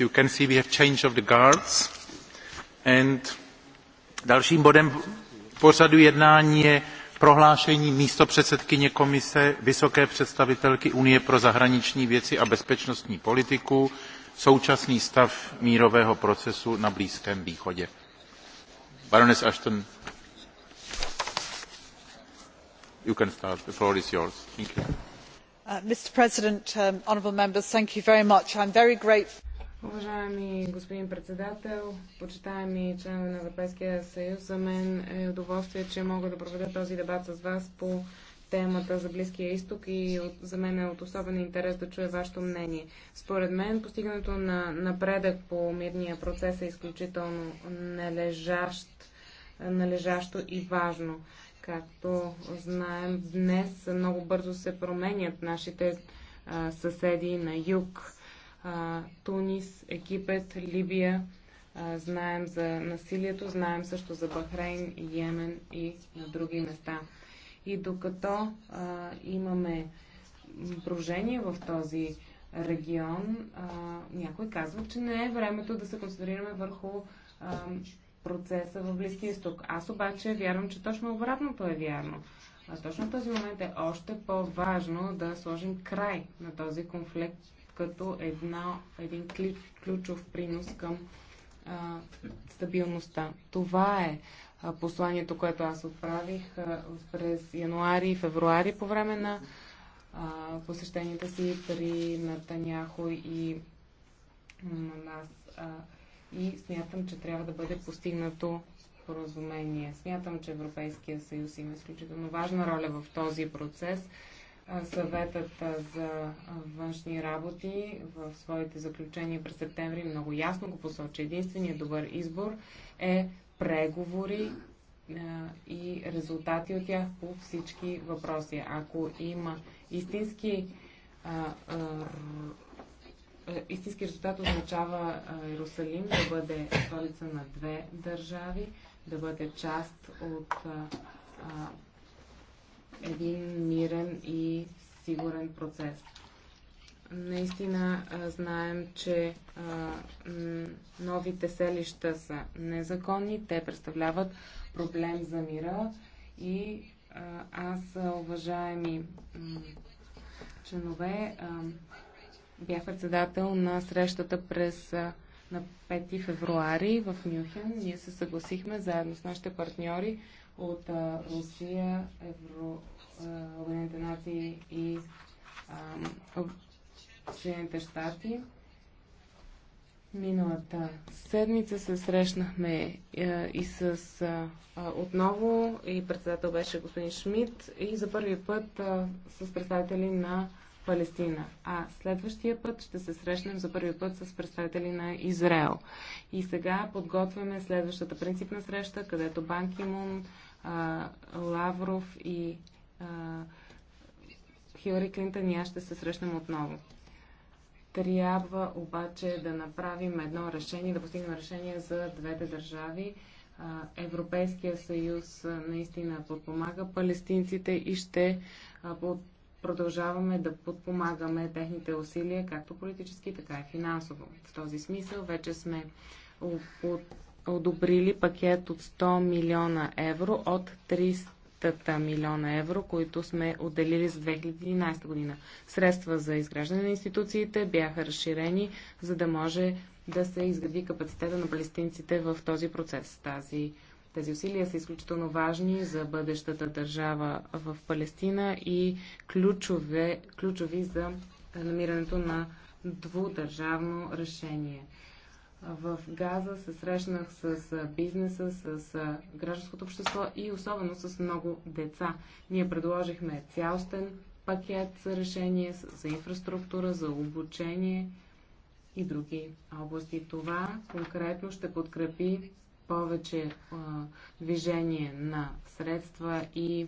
you can see we have change of the guards. And dalším bodem pořadu jednání je prohlášení místopředsedkyně komise Vysoké představitelky Unie pro zahraniční věci a bezpečnostní politiku současný stav mírového procesu na Blízkém východě. Baroness Ashton, you can start. The floor is yours. Thank you. Uh, um, Уважаеми господин председател, почитаеми членове на Европейския съюз, за мен е удоволствие, че мога да проведа този дебат с вас по темата за Близкия изток и за мен е от особен интерес да чуя вашето мнение. Според мен постигането на напредък по мирния процес е изключително належащ, належащо и важно. Както знаем, днес много бързо се променят нашите а, съседи на юг. А, Тунис, Египет, Либия. А, знаем за насилието, знаем също за Бахрейн, Йемен и на други места. И докато а, имаме брожение в този регион, а, някой казва, че не е времето да се концентрираме върху а, процеса в Близки изток. Аз обаче вярвам, че точно обратното е вярно. А точно в този момент е още по-важно да сложим край на този конфликт като една, един ключов принос към а, стабилността. Това е а, посланието, което аз отправих а, през януари и февруари по време на а, посещенията си при Натаняхо и на нас. А, и смятам, че трябва да бъде постигнато споразумение. Смятам, че Европейския съюз има изключително важна роля в този процес. Съветът за външни работи в своите заключения през септември много ясно го посочи. Единственият добър избор е преговори и резултати от тях по всички въпроси. Ако има истински е, истински резултат означава е, Иерусалим да бъде столица на две държави, да бъде част от а, е, един мирен и сигурен процес. Наистина знаем, че а, новите селища са незаконни, те представляват проблем за мира и аз, уважаеми членове, бях председател на срещата през на 5 февруари в Мюнхен. Ние се съгласихме заедно с нашите партньори от а, Русия, Евро, Обединените нации и Съединените щати. Миналата седмица се срещнахме и с отново и председател беше господин Шмидт и за първи път с представители на Палестина. А следващия път ще се срещнем за първи път с представители на Израел. И сега подготвяме следващата принципна среща, където Банкимун, Лавров и Хилари Клинтън и аз ще се срещнем отново. Трябва обаче да направим едно решение, да постигнем решение за двете държави. Европейския съюз наистина подпомага палестинците и ще продължаваме да подпомагаме техните усилия, както политически, така и финансово. В този смисъл вече сме одобрили пакет от 100 милиона евро от 300 милиона евро, които сме отделили за 2011 година. Средства за изграждане на институциите бяха разширени, за да може да се изгради капацитета на палестинците в този процес. Тази тези усилия са изключително важни за бъдещата държава в Палестина и ключове, ключови за намирането на двудържавно решение. В Газа се срещнах с бизнеса, с гражданското общество и особено с много деца. Ние предложихме цялостен пакет за решение, за инфраструктура, за обучение и други области. Това конкретно ще подкрепи повече а, движение на средства и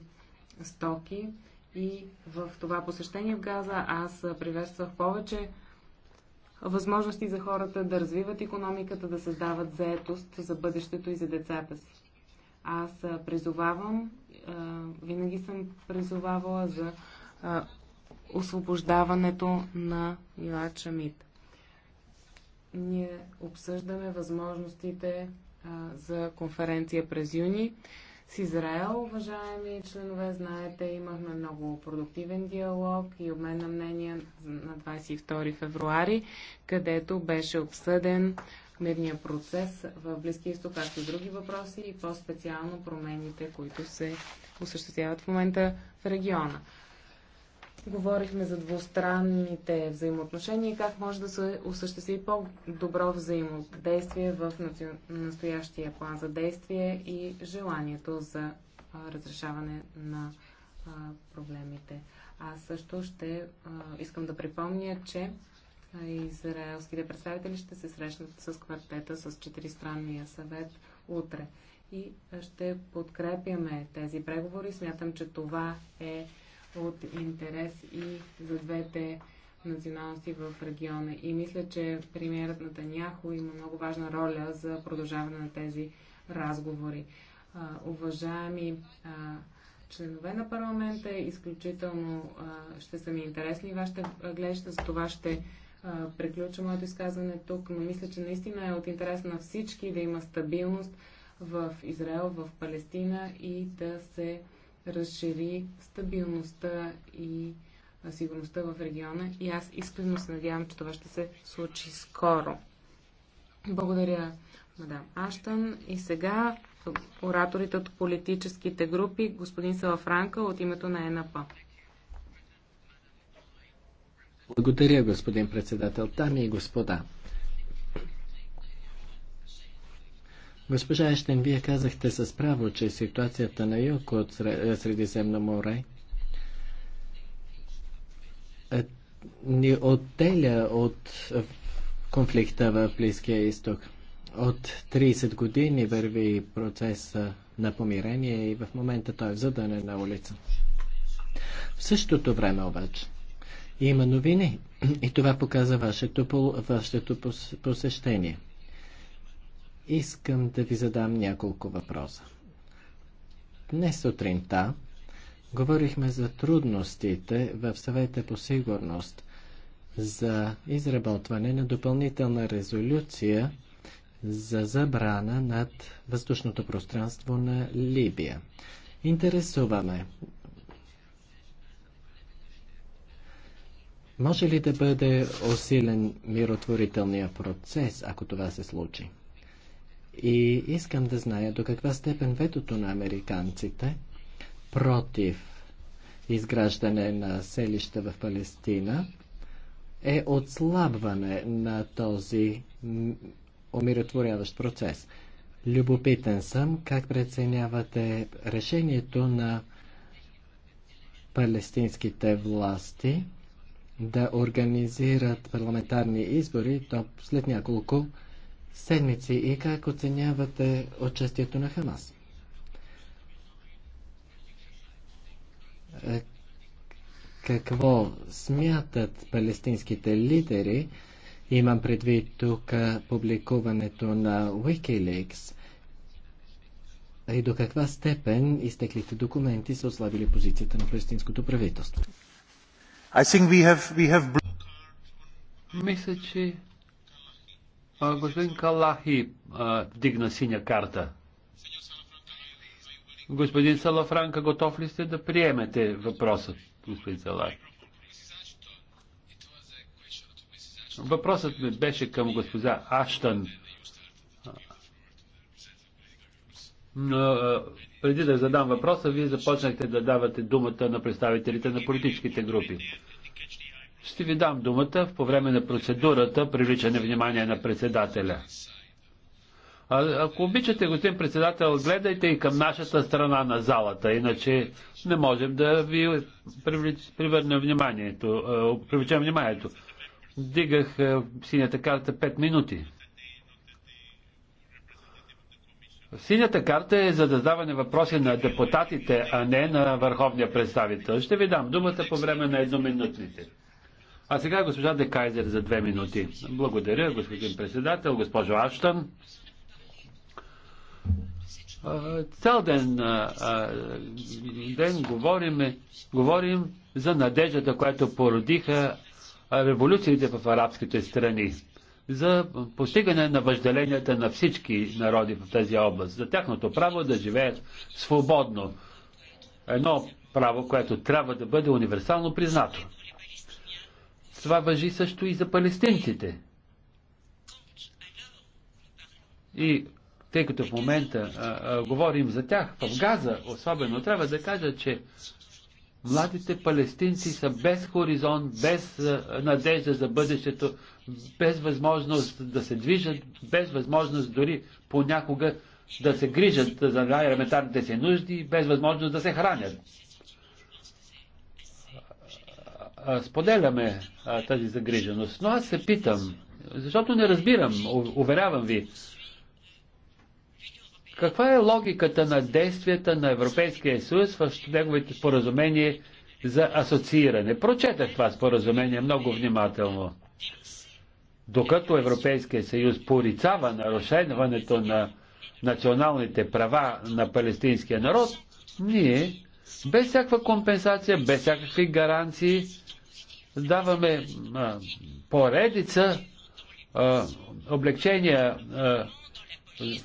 стоки. И в това посещение в Газа аз приветствах повече възможности за хората да развиват економиката, да създават заетост за бъдещето и за децата си. Аз призовавам, винаги съм призовавала за освобождаването на Илад Шамид. Ние обсъждаме възможностите за конференция през юни с Израел. Уважаеми членове, знаете, имахме много продуктивен диалог и обмен на мнения на 22 февруари, където беше обсъден мирния процес в Близки изток, както и други въпроси и по-специално промените, които се осъществяват в момента в региона. Говорихме за двустранните взаимоотношения и как може да се осъществи по-добро взаимодействие в настоящия план за действие и желанието за разрешаване на проблемите. Аз също ще искам да припомня, че израелските представители ще се срещнат с квартета, с Четиристранния съвет утре. И ще подкрепяме тези преговори. Смятам, че това е от интерес и за двете националности в региона. И мисля, че премиерът Таняхо има много важна роля за продължаване на тези разговори. А, уважаеми а, членове на парламента, изключително а, ще са ми интересни вашите гледаща, за това ще приключа моето изказване тук, но мисля, че наистина е от интерес на всички да има стабилност в Израел, в Палестина и да се разшири стабилността и сигурността в региона и аз искрено се надявам, че това ще се случи скоро. Благодаря, мадам Аштън. И сега ораторите от политическите групи, господин Салафранка от името на ЕНП. Благодаря, господин председател. Дами и господа, Госпожа Ещен, вие казахте с право, че ситуацията на юг от е, Средиземно море е, ни отделя от е, конфликта в Близкия изток. От 30 години върви процеса на помирение и в момента той е в на улица. В същото време обаче има новини и това показа вашето, вашето посещение – Искам да ви задам няколко въпроса. Днес сутринта говорихме за трудностите в съвета по сигурност за изработване на допълнителна резолюция за забрана над въздушното пространство на Либия. Интересуваме. Може ли да бъде усилен миротворителния процес, ако това се случи? И искам да зная до каква степен ветото на американците против изграждане на селища в Палестина е отслабване на този умиротворяващ процес. Любопитен съм как преценявате решението на палестинските власти да организират парламентарни избори то след няколко седмици и как оценявате участието на Хамас? Е, какво смятат палестинските лидери? Имам предвид тук публикуването на Wikileaks и до каква степен изтеклите документи са ослабили позицията на палестинското правителство. I think we have, we have... Мисля, че Господин Калахи вдигна синя карта. Господин Салафранка, готов ли сте да приемете въпросът, господин Салахи? Въпросът ми беше към госпожа Аштън. Но преди да задам въпроса, вие започнахте да давате думата на представителите на политическите групи. Ще ви дам думата по време на процедурата, привличане внимание на председателя. А, ако обичате, господин председател, гледайте и към нашата страна на залата, иначе не можем да ви привърнем вниманието, привлечем вниманието. Дигах синята карта 5 минути. Синята карта е за да задаване въпроси на депутатите, а не на върховния представител. Ще ви дам думата по време на едноминутните. А сега госпожа Декайзер за две минути. Благодаря, господин председател, госпожо Аштън. Цял ден, ден говорим, говорим за надеждата, която породиха революциите в арабските страни, за постигане на въжделенията на всички народи в тази област, за тяхното право да живеят свободно. Едно право, което трябва да бъде универсално признато. Това въжи също и за палестинците. И тъй като в момента а, а, говорим за тях, в Газа особено, трябва да кажа, че младите палестинци са без хоризонт, без а, надежда за бъдещето, без възможност да се движат, без възможност дори понякога да се грижат за елементарните си нужди, без възможност да се хранят споделяме а, тази загриженост. Но аз се питам, защото не разбирам, уверявам ви, каква е логиката на действията на Европейския съюз в неговите споразумение за асоцииране? Прочетах това споразумение много внимателно. Докато Европейския съюз порицава нарушаването на националните права на палестинския народ, ние без всякаква компенсация, без всякакви гаранции, даваме а, поредица а, облегчения а,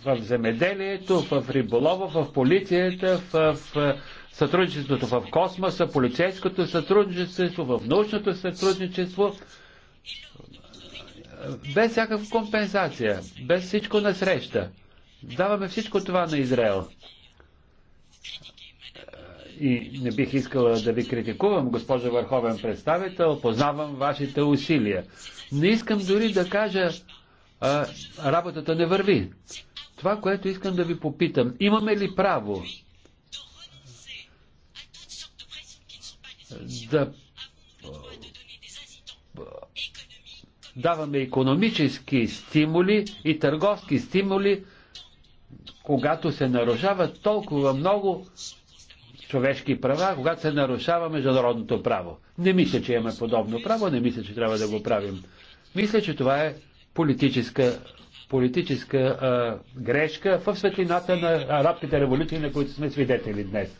в земеделието, в риболова, в полицията, в, в сътрудничеството в космоса, полицейското сътрудничество, в научното сътрудничество, без всякаква компенсация, без всичко насреща. Даваме всичко това на Израел и не бих искала да ви критикувам, госпожа Върховен представител, познавам вашите усилия. Не искам дори да кажа, а, работата не върви. Това, което искам да ви попитам, имаме ли право да даваме економически стимули и търговски стимули, когато се нарушават толкова много човешки права, когато се нарушава международното право. Не мисля, че имаме подобно право, не мисля, че трябва да го правим. Мисля, че това е политическа, политическа а, грешка в светлината на арабските революции, на които сме свидетели днес.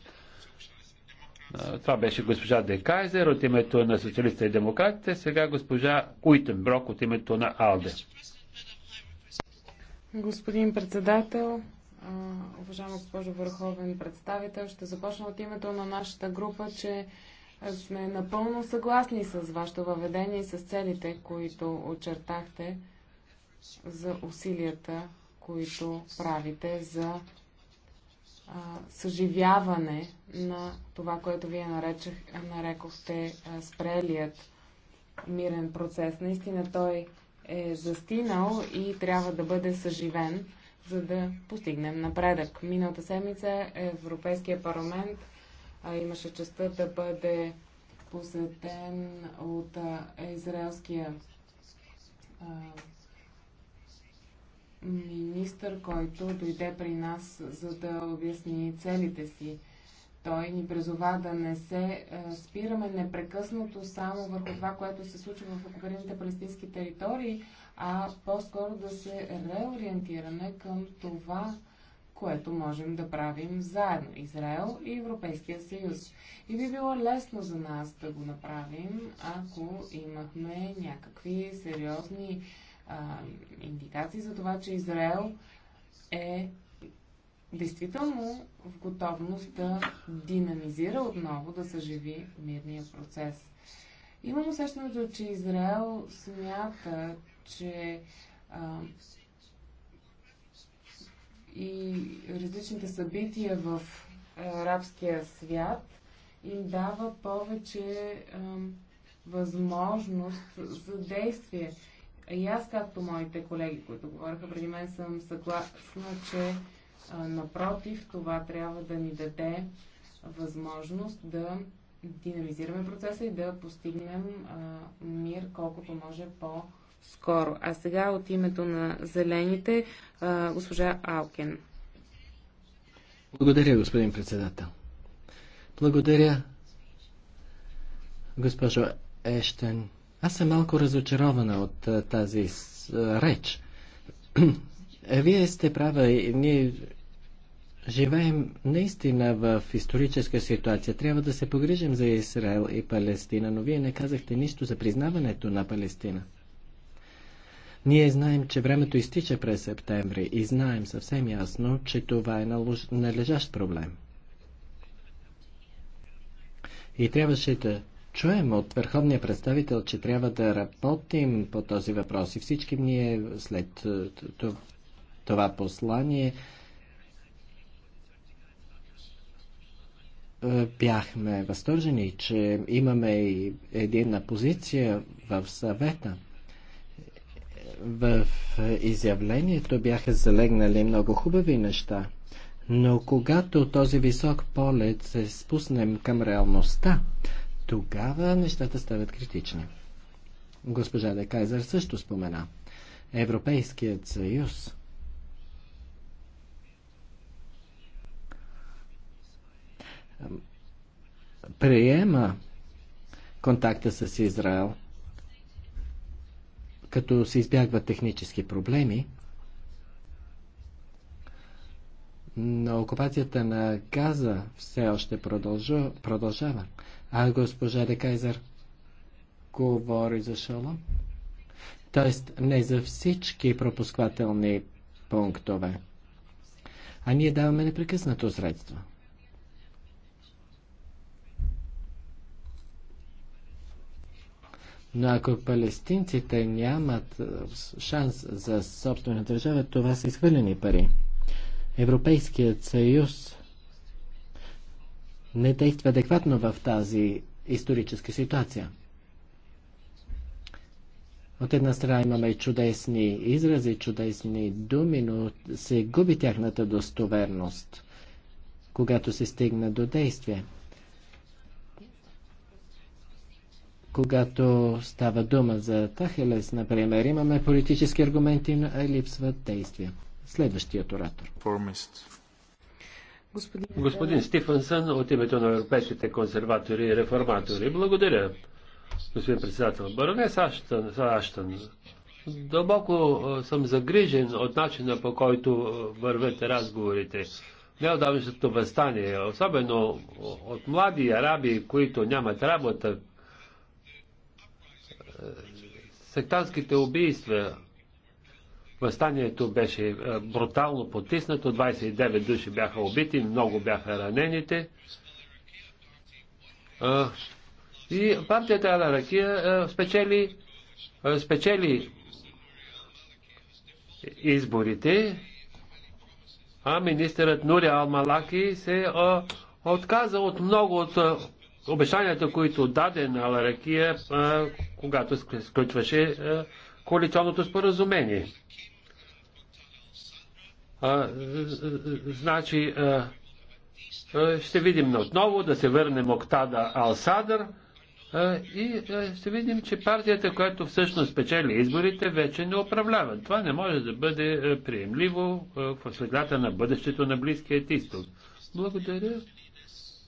А, това беше госпожа Декайзер от името на социалиста и демократите, сега госпожа Уитенброк от името на Алде. Господин председател, уважаема госпожо Върховен представител. Ще започна от името на нашата група, че сме напълно съгласни с вашето въведение и с целите, които очертахте за усилията, които правите за съживяване на това, което вие наречах нарекохте спрелият мирен процес. Наистина той е застинал и трябва да бъде съживен за да постигнем напредък. Миналата седмица Европейския парламент а, имаше честа да бъде посетен от а, израелския а, министр, който дойде при нас, за да обясни целите си. Той ни призова да не се спираме непрекъснато само върху това, което се случва в окупираните палестински територии, а по-скоро да се реориентираме към това, което можем да правим заедно Израел и Европейския съюз. И би било лесно за нас да го направим, ако имахме някакви сериозни а, индикации за това, че Израел е действително в готовност да динамизира отново, да съживи мирния процес. Имам усещането, че Израел смята, че а, и различните събития в арабския свят им дава повече а, възможност за действие. И аз, както моите колеги, които говориха преди мен, съм съгласна, че а, напротив, това трябва да ни даде възможност да динамизираме процеса и да постигнем а, мир колкото може по добре скоро. А сега от името на зелените госпожа Алкен. Благодаря, господин председател. Благодаря, госпожо Ещен. Аз съм малко разочарована от тази реч. Вие сте права. Ние живеем наистина в историческа ситуация. Трябва да се погрижим за Израел и Палестина, но вие не казахте нищо за признаването на Палестина. Ние знаем, че времето изтича през септември и знаем съвсем ясно, че това е налож... належащ проблем. И трябваше да чуем от върховния представител, че трябва да работим по този въпрос и всички ние след е, това послание е, бяхме възторжени, че имаме и единна позиция в съвета в е, изявлението бяха залегнали много хубави неща, но когато този висок полет се спуснем към реалността, тогава нещата стават критични. Госпожа Де Кайзер също спомена. Европейският съюз приема контакта с Израел – като се избягват технически проблеми, но окупацията на Газа все още продължава. А госпожа Декайзер говори за Шолом. Тоест не за всички пропусквателни пунктове. А ние даваме непрекъснато средство. Но ако палестинците нямат шанс за собствена държава, това са изхвърлени пари. Европейският съюз не действа адекватно в тази историческа ситуация. От една страна имаме чудесни изрази, чудесни думи, но се губи тяхната достоверност, когато се стигна до действие. когато става дума за Тахелес, например, имаме политически аргументи, но липсват действия. Следващият оратор. Господин, Господин от името на европейските консерватори и реформатори. Благодаря, господин председател. Баронес Аштън, Аштън, дълбоко съм загрижен от начина по който вървете разговорите. Неодавнашното възстание, особено от млади араби, които нямат работа, сектантските убийства. Възстанието беше е, брутално потиснато, 29 души бяха убити, много бяха ранените. И партията Аларакия спечели, спечели изборите, а министърът Нури Алмалаки се отказа от много от обещанията, които даде на Аларакия, когато сключваше коалиционното споразумение. значи, ще видим отново да се върнем Октада Алсадър и ще видим, че партията, която всъщност печели изборите, вече не управлява. Това не може да бъде приемливо в следата на бъдещето на Близкият изток. Благодаря.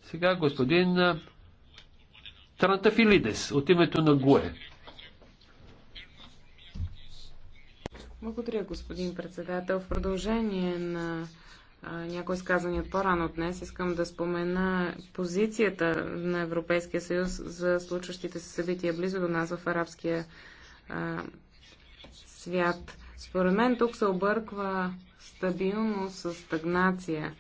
Сега господин Трантафилидес от името на ГУЕ. Благодаря, господин председател. В продължение на някои изказвания по-рано днес, искам да спомена позицията на Европейския съюз за случващите се събития близо до нас в арабския а, свят. Според мен тук се обърква стабилност с стагнация.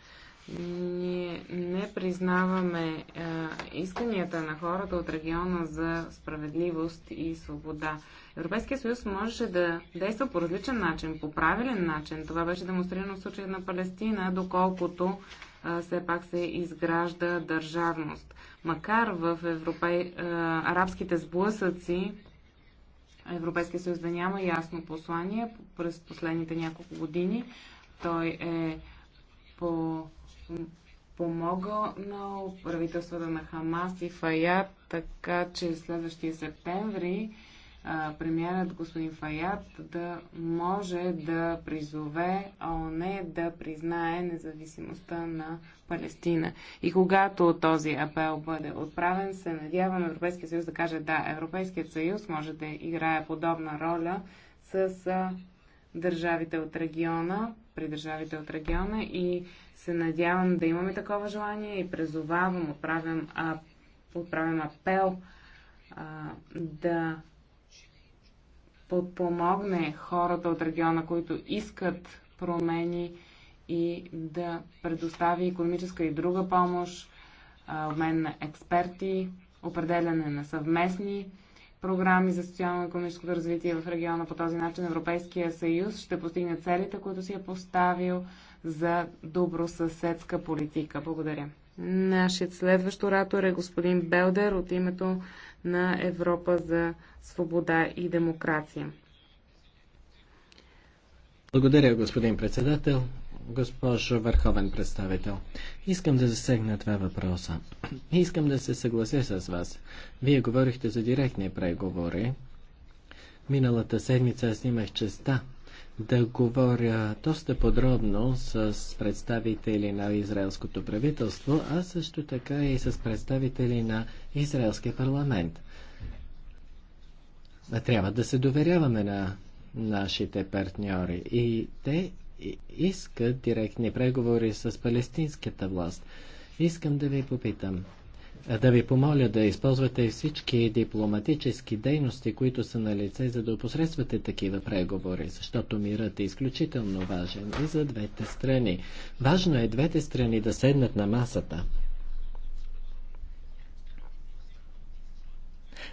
Ние не признаваме а, е, исканията на хората от региона за справедливост и свобода. Европейския съюз можеше да действа по различен начин, по правилен начин. Това беше демонстрирано в случая на Палестина, доколкото а, е, все пак се изгражда държавност. Макар в европей... а, е, арабските сблъсъци Европейския съюз да няма ясно послание през последните няколко години, той е по на правителствата на Хамас и Фаят, така че следващия септември премиерът господин Фаят да може да призове ООН да признае независимостта на Палестина. И когато този апел бъде отправен, се надявам Европейския съюз да каже да, Европейският съюз може да играе подобна роля с държавите от региона, при държавите от региона и се надявам да имаме такова желание и презовавам, отправям, а, отправям апел а, да подпомогне хората от региона, които искат промени и да предостави економическа и друга помощ, обмен на експерти, определяне на съвместни програми за социално-економическото развитие в региона. По този начин Европейския съюз ще постигне целите, които си е поставил за добросъседска политика. Благодаря. Нашият следващ оратор е господин Белдер от името на Европа за свобода и демокрация. Благодаря, господин председател. Госпожо Върховен представител, искам да засегна два въпроса. Искам да се съглася с вас. Вие говорихте за директни преговори. Миналата седмица аз имах честа да говоря доста подробно с представители на израелското правителство, а също така и с представители на израелския парламент. Трябва да се доверяваме на нашите партньори и те искат директни преговори с палестинската власт. Искам да ви попитам, да ви помоля да използвате всички дипломатически дейности, които са на лице, за да опосредствате такива преговори, защото мирът е изключително важен и за двете страни. Важно е двете страни да седнат на масата.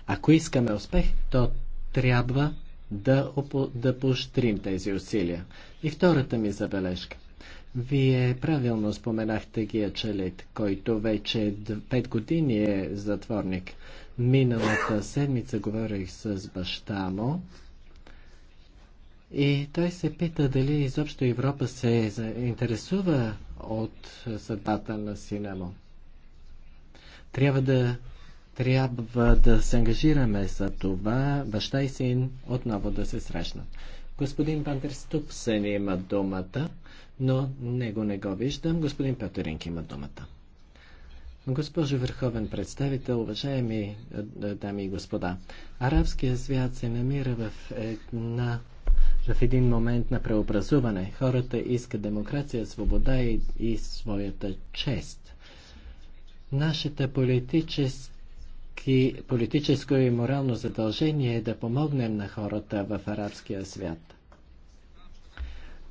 Ако искаме успех, то трябва да, опо... да поощрим тези усилия. И втората ми забележка. Вие правилно споменахте Гия Челит, който вече 5 години е затворник. Миналата седмица говорих с баща му и той се пита дали изобщо Европа се интересува от съдбата на сина му. Трябва да, трябва да се ангажираме за това баща и син отново да се срещнат. Господин Пантерступсен има думата но него не го виждам. Господин Петеринк има думата. Госпожо Върховен представител, уважаеми е, е, дами и господа, арабският свят се намира в, една, в един момент на преобразуване. Хората искат демокрация, свобода и, и своята чест. Нашата политическа политическо и морално задължение е да помогнем на хората в арабския свят.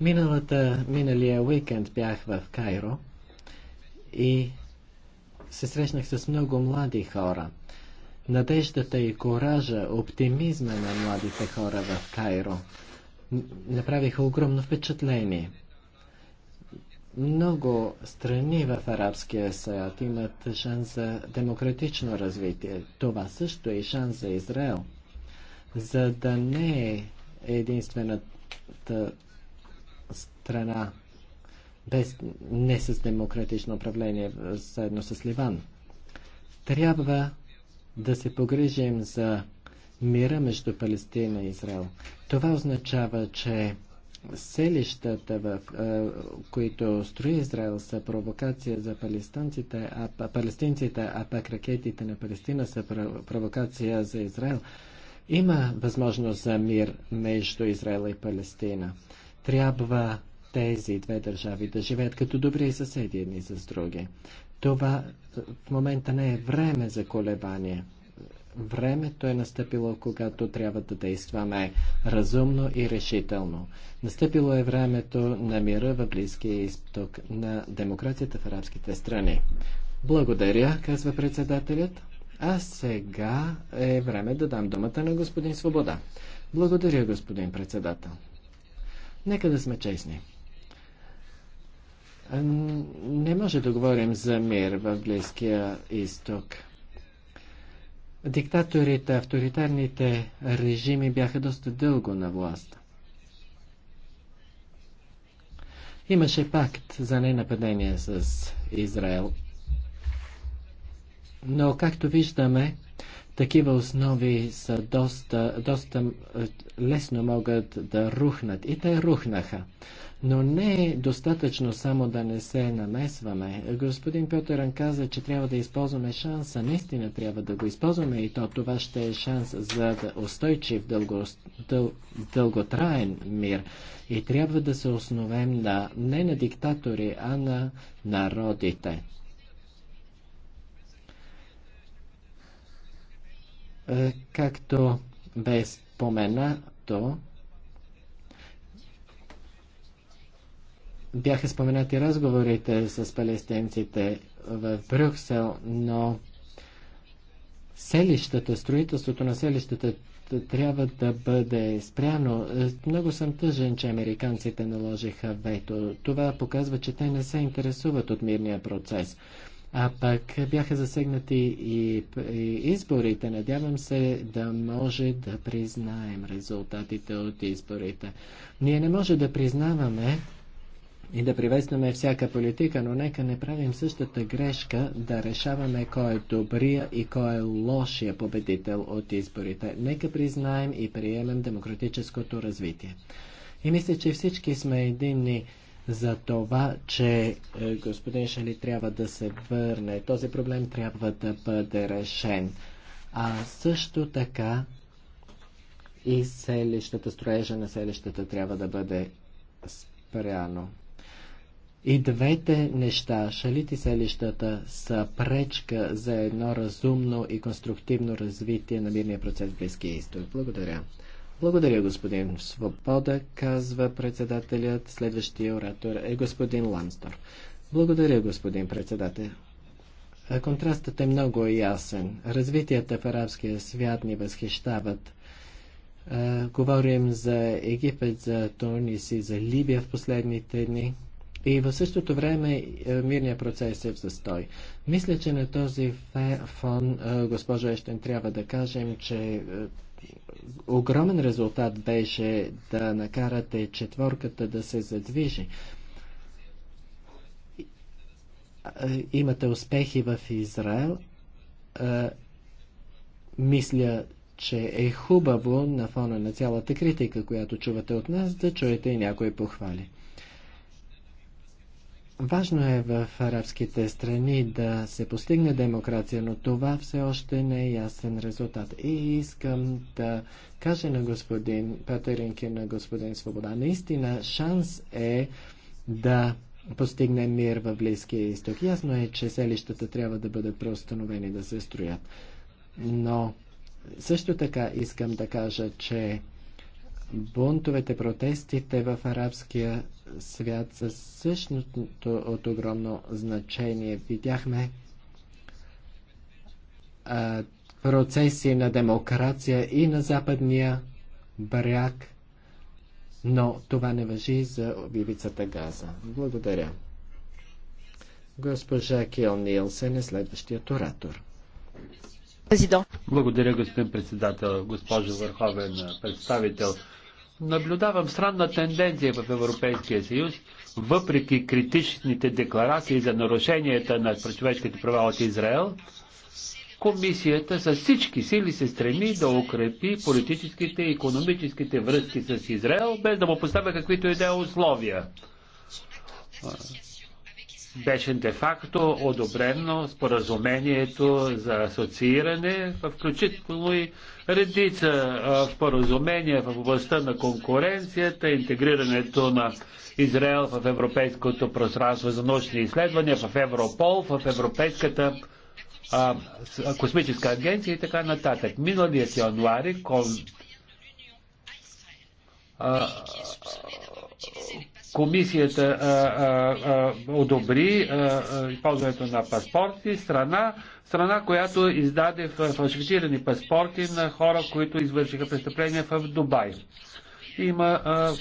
Миналата, миналия уикенд бях в Кайро и се срещнах с много млади хора. Надеждата и коража, оптимизма на младите хора в Кайро направиха огромно впечатление. Много страни в арабския свят имат шанс за демократично развитие. Това също е шанс за Израел. За да не е единствената страна без, не с демократично управление, заедно с Ливан. Трябва да се погрижим за мира между Палестина и Израел. Това означава, че селищата, в е, които строи Израел, са провокация за палестинците, а, палестинците, а пък ракетите на Палестина са провокация за Израел. Има възможност за мир между Израел и Палестина. Трябва тези две държави да живеят като добри съседи едни с други. Това е, в момента не е време за колебание. Времето е настъпило, когато трябва да действаме разумно и решително. Настъпило е времето на мира в Близкия изток, на демокрацията в арабските страни. Благодаря, казва председателят. А сега е време да дам думата на господин Свобода. Благодаря, господин председател. Нека да сме честни. Не може да говорим за мир в Близкия изток. Диктаторите, авторитарните режими бяха доста дълго на власт. Имаше пакт за ненападение с Израел. Но, както виждаме, такива основи са доста, доста е, лесно могат да рухнат и те рухнаха. Но не е достатъчно само да не се намесваме. Господин Петърън каза, че трябва да използваме шанса. Наистина трябва да го използваме и то това ще е шанс за да устойчив, дълго, дъл, дълготраен мир. И трябва да се основем на, не на диктатори, а на народите. Е, както бе споменато, бяха споменати разговорите с палестинците в Брюксел, но селищата, строителството на селищата трябва да бъде спряно. Е, много съм тъжен, че американците наложиха вето. Това показва, че те не се интересуват от мирния процес. А пък бяха засегнати и, изборите. Надявам се да може да признаем резултатите от изборите. Ние не може да признаваме и да приветстваме всяка политика, но нека не правим същата грешка да решаваме кой е добрия и кой е лошия победител от изборите. Нека признаем и приемем демократическото развитие. И мисля, че всички сме единни за това, че е, господин Шали трябва да се върне. Този проблем трябва да бъде решен. А също така и селищата, строежа на селищата трябва да бъде спряно. И двете неща, шалит и селищата, са пречка за едно разумно и конструктивно развитие на мирния процес в Близкия изток. Благодаря. Благодаря, господин Свобода, казва председателят. Следващия оратор е господин Ланстор. Благодаря, господин председател. Контрастът е много ясен. Развитията в арабския свят ни възхищават. Говорим за Египет, за Тунис и за Либия в последните дни. И в същото време мирният процес е в застой. Мисля, че на този фон, госпожо Ещен, трябва да кажем, че огромен резултат беше да накарате четворката да се задвижи. Имате успехи в Израел. Мисля, че е хубаво на фона на цялата критика, която чувате от нас, да чуете и някои похвали. Важно е в арабските страни да се постигне демокрация, но това все още не е ясен резултат. И искам да кажа на господин Патеринки, на господин Свобода, наистина шанс е да постигне мир в Близкия изток. Ясно е, че селищата трябва да бъдат преустановени да се строят. Но също така искам да кажа, че бунтовете, протестите в арабския свят са същото от огромно значение. Видяхме а, процеси на демокрация и на западния бряг, но това не въжи за обивицата Газа. Благодаря. Госпожа Кил Нилсен е следващият оратор. Благодаря, господин председател, госпожо върховен представител наблюдавам странна тенденция в Европейския съюз, въпреки критичните декларации за нарушенията на човешките права от Израел, комисията с всички сили се стреми да укрепи политическите и економическите връзки с Израел, без да му поставя каквито и да е условия беше де-факто одобрено споразумението за асоцииране, включително и редица споразумения в областта на конкуренцията, интегрирането на Израел в европейското пространство за научни изследвания, в Европол, в Европейската а, космическа агенция и така нататък. Миналият януари кон... а, комисията а, а, а, одобри използването на паспорти, страна, страна, която издаде фалшифицирани паспорти на хора, които извършиха престъпления в Дубай. Има а,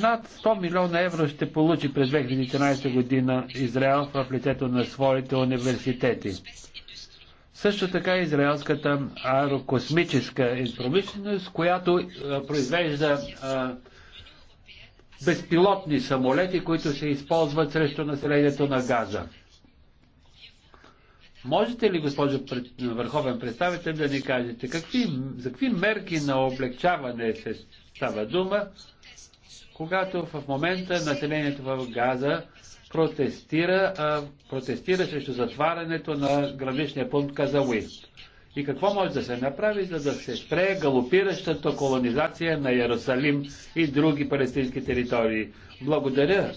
над 100 милиона евро ще получи през 2013 година Израел в лицето на своите университети. Също така израелската аерокосмическа промишленост, която а, произвежда а, безпилотни самолети, които се използват срещу населението на Газа. Можете ли, госпожо Върховен представител, да ни кажете какви, за какви мерки на облегчаване се става дума, когато в момента населението в Газа протестира, а, протестира срещу затварянето на граничния пункт Казауи? и какво може да се направи, за да се спре галопиращата колонизация на Ярусалим и други палестински територии. Благодаря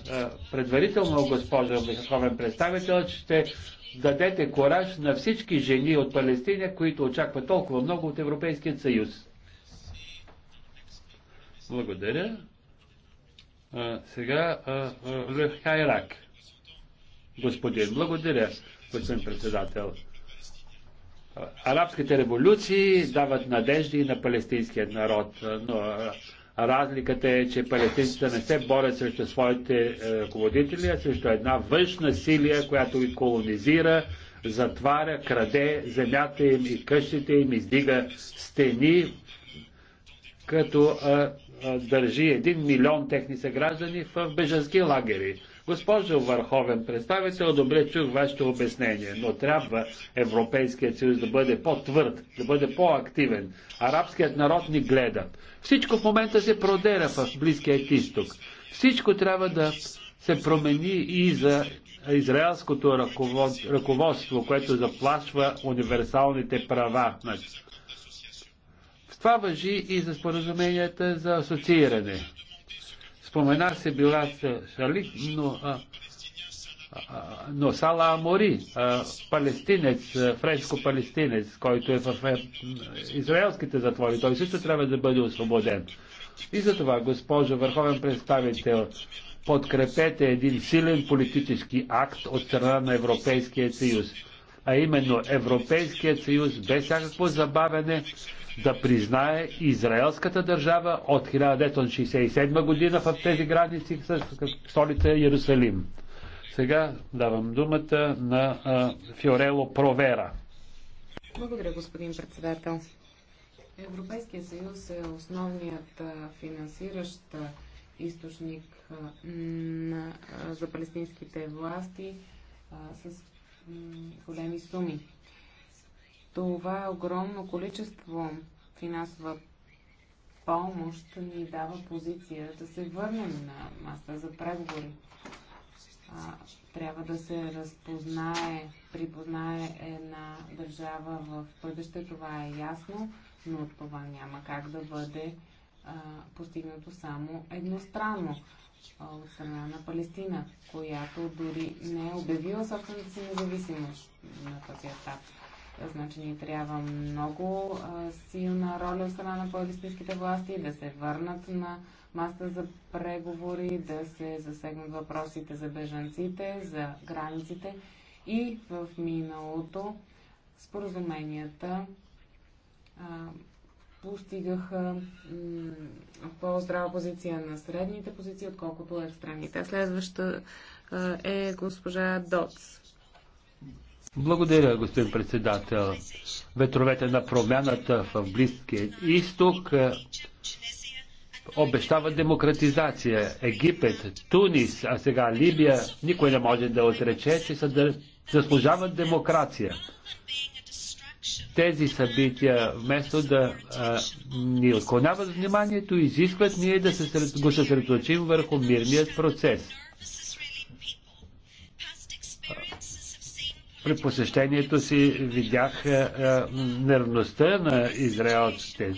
предварително, госпожа Върховен представител, че ще дадете кораж на всички жени от Палестина, които очакват толкова много от Европейския съюз. Благодаря. А, сега Хайрак. Господин, благодаря, господин председател арабските революции дават надежди на палестинския народ, но разликата е, че палестинците не се борят срещу своите е, ръководители, а срещу една външна силия, която ги колонизира, затваря, краде земята им и къщите им, издига стени, като а, а, държи един милион техни съграждани в бежански лагери. Госпожо Върховен представител, добре чух вашето обяснение, но трябва Европейският съюз да бъде по-твърд, да бъде по-активен. Арабският народ ни гледа. Всичко в момента се продера в Близкият изток. Всичко трябва да се промени и за израелското ръководство, което заплашва универсалните права. Това въжи и за споразуменията за асоцииране. Спомена се била Шалит, но, но Сала Амори, палестинец, френско-палестинец, който е в е, израелските затвори, той също трябва да бъде освободен. И за това, госпожо Върховен представител, подкрепете един силен политически акт от страна на Европейския съюз. А именно Европейският съюз без всякакво забавене да признае израелската държава от 1967 година в тези граници с столица Иерусалим. Сега давам думата на а, Фиорело Провера. Благодаря, господин председател. Европейския съюз е основният финансиращ източник за палестинските власти с големи суми. Това е огромно количество финансова помощ ни дава позиция да се върнем на маса за преговори. А, трябва да се разпознае, припознае една държава в бъдеще, това е ясно, но това няма как да бъде а, постигнато само едностранно а, от страна на Палестина, която дори не е обявила собствената си независимост на този етап. Значи ни трябва много силна роля от страна на палестинските власти да се върнат на маста за преговори, да се засегнат въпросите за бежанците, за границите и в миналото споразуменията а, постигаха по-здрава позиция на средните позиции, отколкото екстремните. Следваща а, е госпожа Доц. Благодаря, господин председател. Ветровете на промяната в Близкия изток е, обещава демократизация. Египет, Тунис, а сега Либия, никой не може да отрече, че са заслужават демокрация. Тези събития, вместо да а, е, ни отклоняват вниманието, изискват ние да се го съсредоточим върху мирният процес. при посещението си видях е, е, нервността на израелците.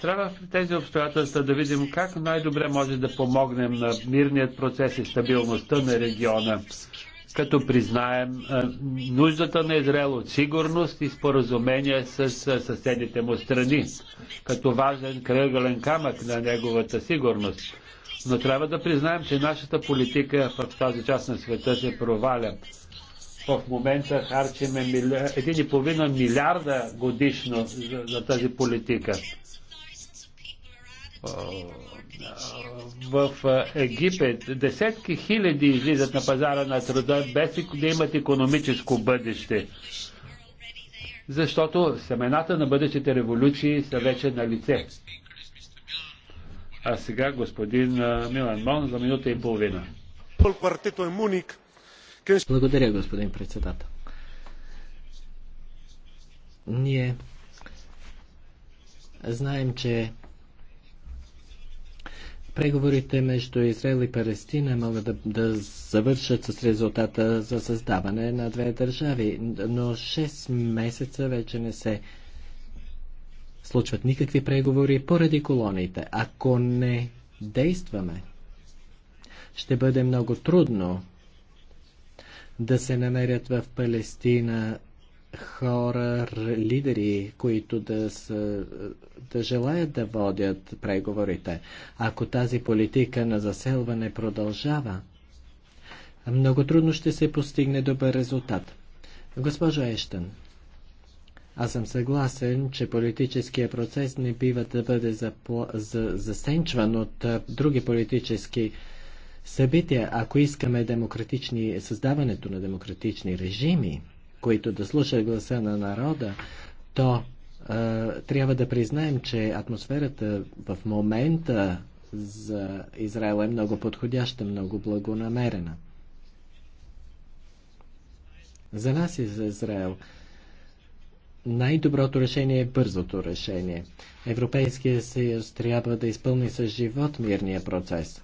Трябва в тези обстоятелства да видим как най-добре може да помогнем на мирният процес и стабилността на региона, като признаем е, нуждата на Израел от сигурност и споразумение с съседните му страни, като важен кръгълен камък на неговата сигурност но трябва да признаем, че нашата политика в тази част на света се проваля. В момента харчиме 1,5 милиарда годишно за, за тази политика. В Египет десетки хиляди излизат на пазара на труда без да имат економическо бъдеще. Защото семената на бъдещите революции са вече на лице. А сега господин Милан Мон за минута и половина. Благодаря, господин председател. Ние знаем, че преговорите между Израел и Палестина могат да, да завършат с резултата за създаване на две държави, но 6 месеца вече не се случват никакви преговори поради колоните. Ако не действаме, ще бъде много трудно да се намерят в Палестина хора, лидери, които да, са, да желаят да водят преговорите. Ако тази политика на заселване продължава, много трудно ще се постигне добър резултат. Госпожо Ещен, аз съм съгласен, че политическия процес не бива да бъде запла... за... засенчван от други политически събития. Ако искаме демократични... създаването на демократични режими, които да слушат гласа на народа, то трябва да признаем, че атмосферата в момента за Израел е много подходяща, много благонамерена. За нас и за Израел най-доброто решение е бързото решение. Европейския съюз трябва да изпълни с живот мирния процес.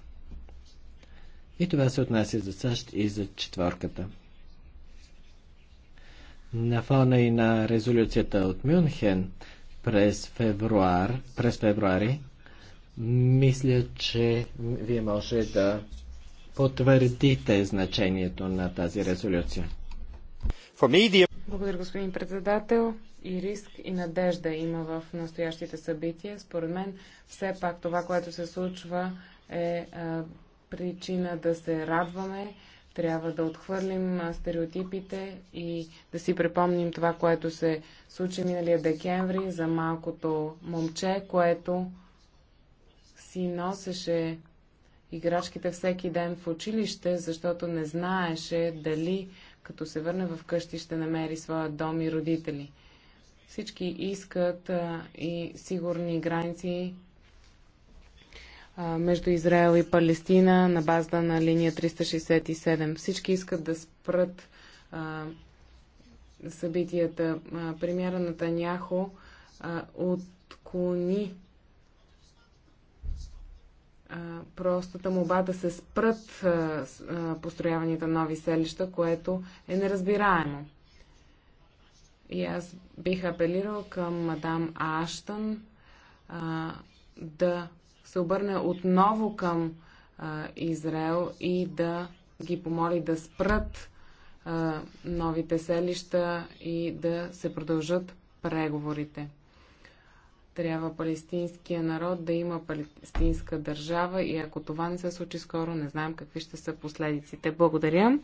И това се отнася за САЩ и за четворката. На фона и на резолюцията от Мюнхен през, февруар, през февруари, мисля, че вие може да потвърдите значението на тази резолюция. Благодаря, господин председател и риск и надежда има в настоящите събития. Според мен, все пак това, което се случва е а, причина да се радваме, трябва да отхвърлим стереотипите и да си припомним това, което се случи миналия декември за малкото момче, което си носеше играчките всеки ден в училище, защото не знаеше дали като се върне в къщи ще намери своя дом и родители. Всички искат а, и сигурни граници а, между Израел и Палестина на база на линия 367. Всички искат да спрат а, събитията. А, премьера Таняхо, а, отклони простата моба да се спрат построяванията на нови селища, което е неразбираемо. И аз бих апелирал към мадам Аштън а, да се обърне отново към а, Израел и да ги помоли да спрат а, новите селища и да се продължат преговорите. Трябва палестинския народ да има палестинска държава и ако това не се случи скоро, не знаем какви ще са последиците. Благодаря.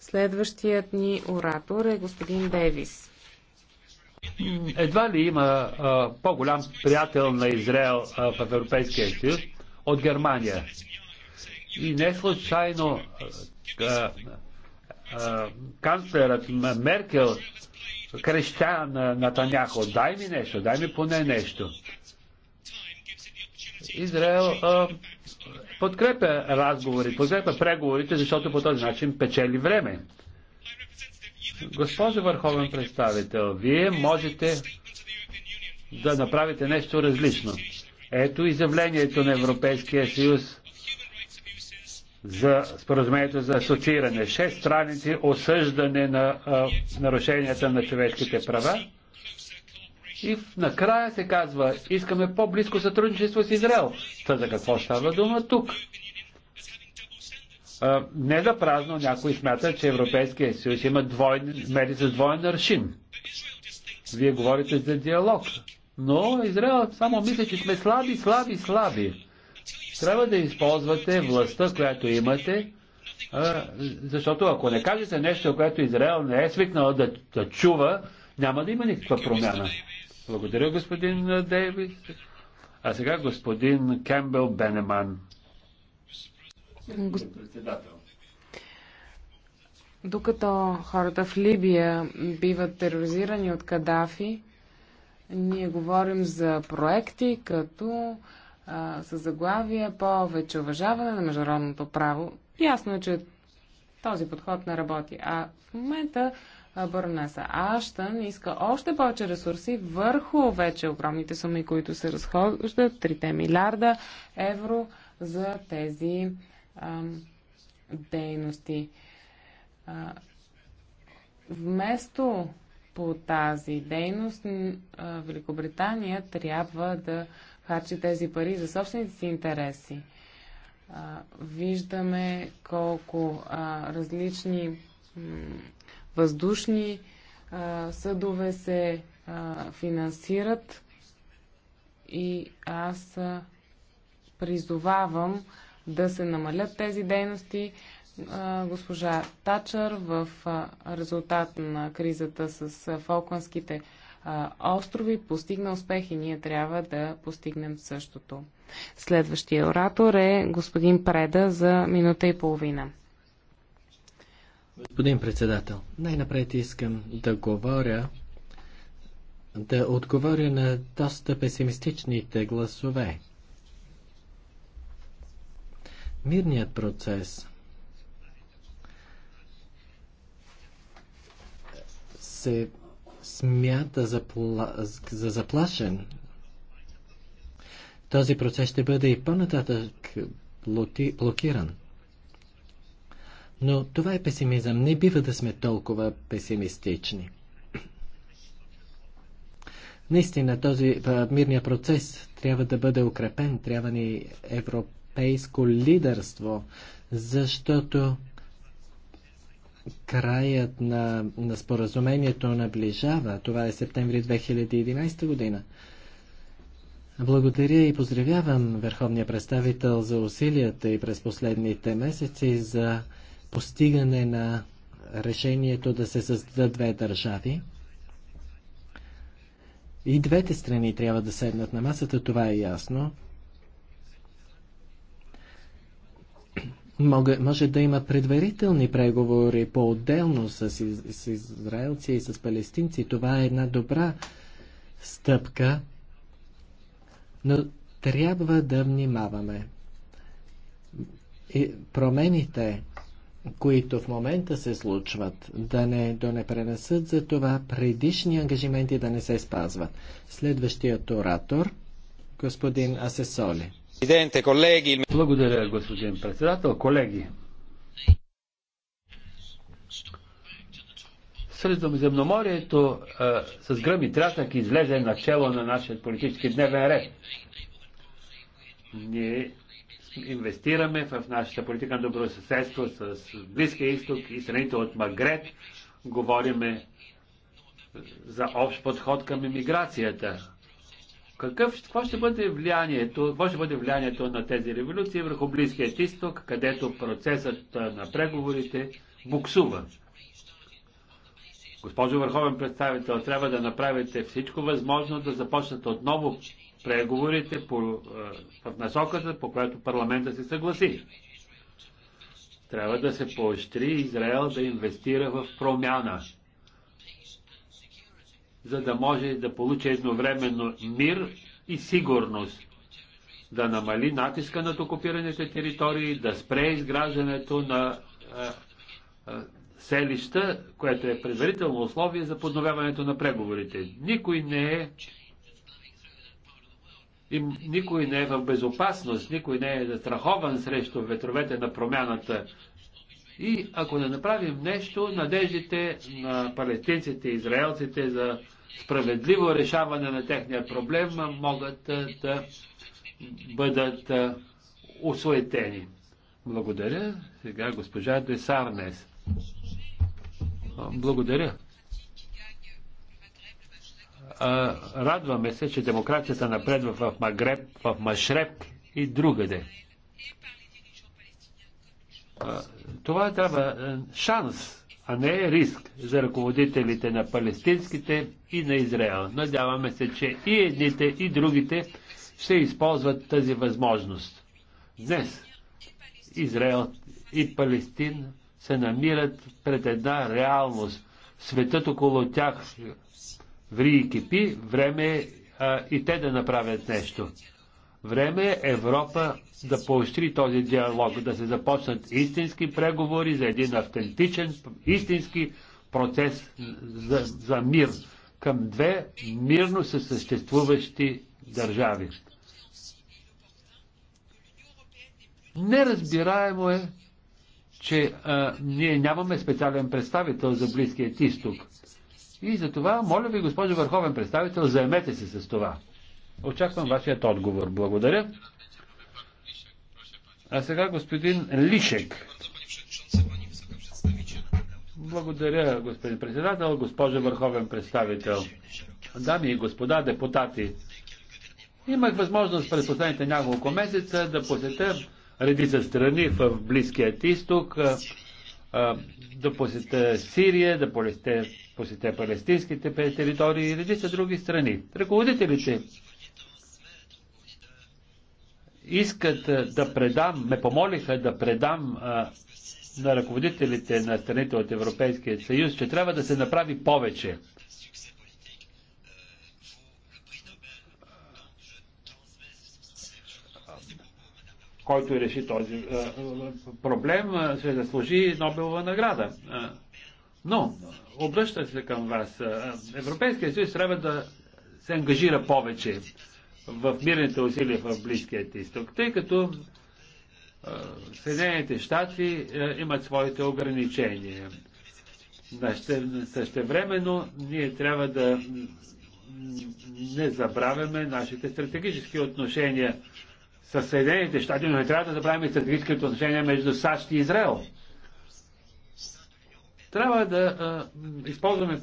Следващият ни оратор е господин Дейвис едва ли има по-голям приятел на Израел а, в Европейския съюз от Германия. И не случайно канцлерът Меркел креща на Натаняхо, дай ми нещо, дай ми поне нещо. Израел а, подкрепя разговорите, подкрепя преговорите, защото по този начин печели време. Госпожо Върховен представител, вие можете да направите нещо различно. Ето изявлението на Европейския съюз за споразумението за асоцииране. Шест страници осъждане на а, нарушенията на човешките права. И накрая се казва, искаме по-близко сътрудничество с Израел. Та за какво става дума тук? не за празно някои смята, че Европейския съюз има двойни, мери с двойен аршин. Вие говорите за диалог. Но Израел само мисля, че сме слаби, слаби, слаби. Трябва да използвате властта, която имате, защото ако не кажете нещо, което Израел не е свикнал да, да чува, няма да има никаква промяна. Благодаря, господин Дейвис. А сега господин Кембел Бенеман. Докато хората в Либия биват тероризирани от Кадафи, ние говорим за проекти като а, с заглавие повече уважаване на международното право. Ясно е, че този подход не работи. А в момента Баронеса Аштън иска още повече ресурси върху вече огромните суми, които се разхождат, 3 милиарда евро за тези а, дейности. А, вместо по тази дейност а, Великобритания трябва да харчи тези пари за собствените си интереси. А, виждаме колко а, различни въздушни а, съдове се а, финансират и аз а, призовавам а, да се намалят тези дейности. Госпожа Тачър в резултат на кризата с Фолкландските острови постигна успех и ние трябва да постигнем същото. Следващия оратор е господин Преда за минута и половина. Господин председател, най-напред искам да говоря, да отговоря на доста песимистичните гласове мирният процес се смята за, за заплашен. Този процес ще бъде и по-нататък блокиран. Но това е песимизъм. Не бива да сме толкова песимистични. Наистина, този мирния процес трябва да бъде укрепен, трябва ни Европа европейско лидерство, защото краят на, на споразумението наближава. Това е септември 2011 година. Благодаря и поздравявам Върховния представител за усилията и през последните месеци за постигане на решението да се създадат две държави. И двете страни трябва да седнат на масата, това е ясно. Мога, може да има предварителни преговори по-отделно с, с израелци и с палестинци. Това е една добра стъпка, но трябва да внимаваме. И промените, които в момента се случват, да не, да не пренесат за това предишни ангажименти да не се спазват. Следващият оратор, господин Асесоли. Благодаря, господин председател. Колеги, Средиземноморието с гръм и трясък излезе начало на нашия политически дневен ред. Ние инвестираме в нашата политика на добросъседство с Близкия изток и страните от Магрет. Говориме за общ подход към иммиграцията. Какъв, какво ще бъде влиянието, какво ще бъде влиянието на тези революции върху Близкият изток, където процесът на преговорите буксува? Госпожо Върховен представител, трябва да направите всичко възможно да започнат отново преговорите по, в насоката, по която парламента се съгласи. Трябва да се поощри Израел да инвестира в промяна за да може да получи едновременно мир и сигурност, да намали натиска над окупираните територии, да спре изграждането на а, е, а, е, селища, което е предварително условие за подновяването на преговорите. Никой не е и никой не е в безопасност, никой не е застрахован срещу ветровете на промяната. И ако не направим нещо, надеждите на палестинците и израелците за справедливо решаване на техния проблем могат да бъдат осуетени. Благодаря. Сега госпожа Десарнес. Благодаря. Радваме се, че демокрацията напредва в Магреб, в Машреб и другаде. Това трябва шанс а не е риск за ръководителите на палестинските и на Израел. Надяваме се, че и едните, и другите ще използват тази възможност. Днес Израел и Палестин се намират пред една реалност. Светът около тях ври и кипи, време е а, и те да направят нещо. Време е Европа да поощри този диалог, да се започнат истински преговори за един автентичен, истински процес за, за мир към две мирно се съществуващи държави. Неразбираемо е, че а, ние нямаме специален представител за Близкият изток. И за това, моля ви, госпожо Върховен представител, заемете се с това. Очаквам вашият отговор. Благодаря. А сега господин Лишек. Благодаря, господин председател, госпожа върховен представител. Дами и господа депутати, имах възможност през последните няколко месеца да посетя редица страни в Близкият изток, да посетя Сирия, да посетя, посетя палестинските територии и редица други страни. Ръководителите искат да предам, ме помолиха да предам а, на ръководителите на страните от Европейския съюз, че трябва да се направи повече. който реши този а, проблем, ще заслужи Нобелова награда. но, обръща се към вас, Европейския съюз трябва да се ангажира повече в мирните усилия в Близкият изток, тъй като Съединените щати имат своите ограничения. времено ние трябва да не забравяме нашите стратегически отношения с Съединените щати, но не трябва да забравяме стратегическите отношения между САЩ и Израел. Трябва да а, използваме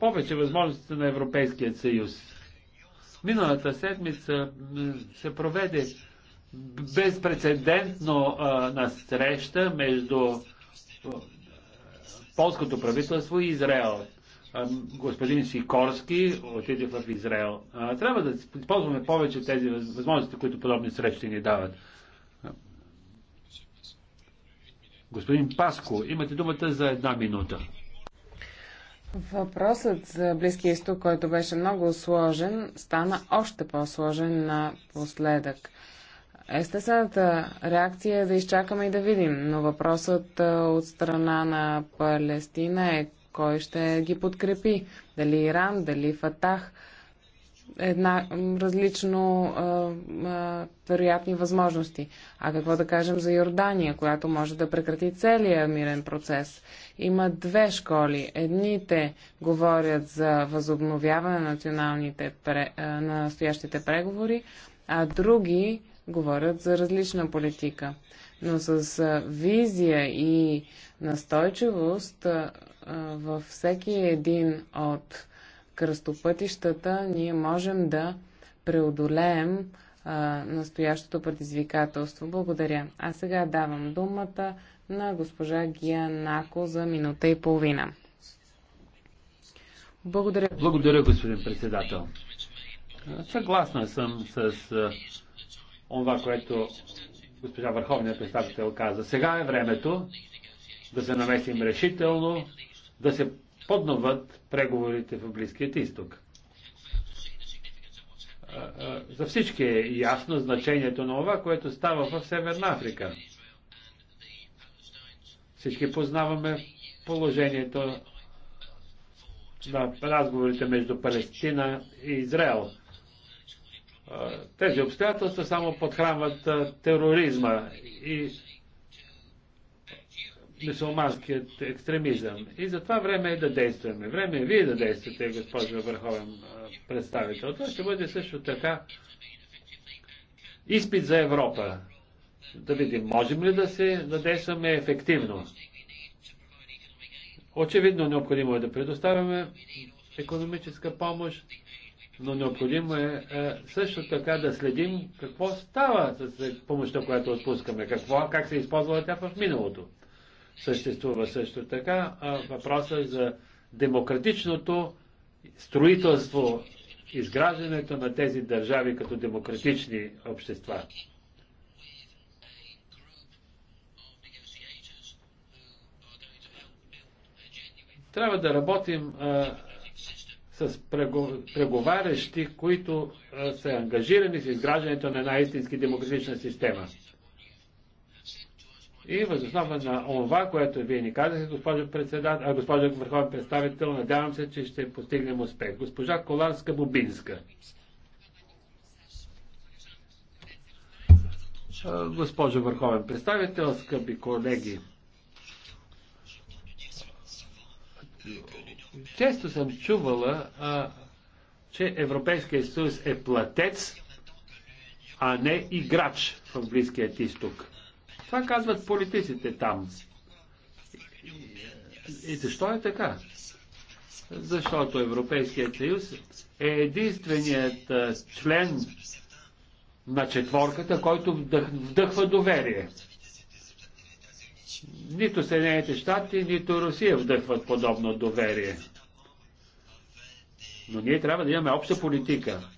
повече възможностите на Европейския съюз. Миналата седмица се проведе безпредседентно на среща между полското правителство и Израел. Господин Сикорски отиде в Израел. Трябва да използваме повече тези възможности, които подобни срещи ни дават. Господин Паско, имате думата за една минута. Въпросът за Близкия изток, който беше много сложен, стана още по-сложен напоследък. Естествената реакция е да изчакаме и да видим, но въпросът от страна на Палестина е кой ще ги подкрепи. Дали Иран, дали Фатах – една, различно а, а, вероятни възможности. А какво да кажем за Йордания, която може да прекрати целия мирен процес? Има две школи. Едните говорят за възобновяване на националните, на настоящите преговори, а други говорят за различна политика. Но с а, визия и настойчивост а, а, във всеки един от кръстопътищата ние можем да преодолеем а, настоящото предизвикателство. Благодаря. А сега давам думата на госпожа Гианако за минута и половина. Благодаря. Благодаря, господин председател. Съгласна съм с това, което госпожа Върховният представител каза. Сега е времето да се намесим решително, да се подноват преговорите в Близкият изток. За всички е ясно значението на това, което става в Северна Африка. Всички познаваме положението на разговорите между Палестина и Израел. Тези обстоятелства само подхранват тероризма и мусулманският екстремизъм. И за това време е да действаме. Време е вие да действате, госпожо Върховен представител. Това ще бъде също така изпит за Европа. Да видим, можем ли да се да действаме ефективно. Очевидно необходимо е да предоставяме економическа помощ, но необходимо е, е също така да следим какво става с помощта, която отпускаме, какво, как се използва тя в миналото съществува също така въпроса за демократичното строителство, изграждането на тези държави като демократични общества. Трябва да работим а, с преговарящи, които а, са ангажирани с изграждането на една истински демократична система. И възоснова на това, което вие ни казахте, госпожо, председател, госпожо върховен представител, надявам се, че ще постигнем успех. Госпожа Коланска-Бубинска. Госпожо върховен представител, скъпи колеги, често съм чувала, а, че Европейския съюз е платец, а не играч в Близкият изток. Това казват политиците там. И защо е така? Защото Европейският съюз е единственият член на четворката, който вдъх, вдъхва доверие. Нито Съединените щати, нито Русия вдъхват подобно доверие. Но ние трябва да имаме обща политика.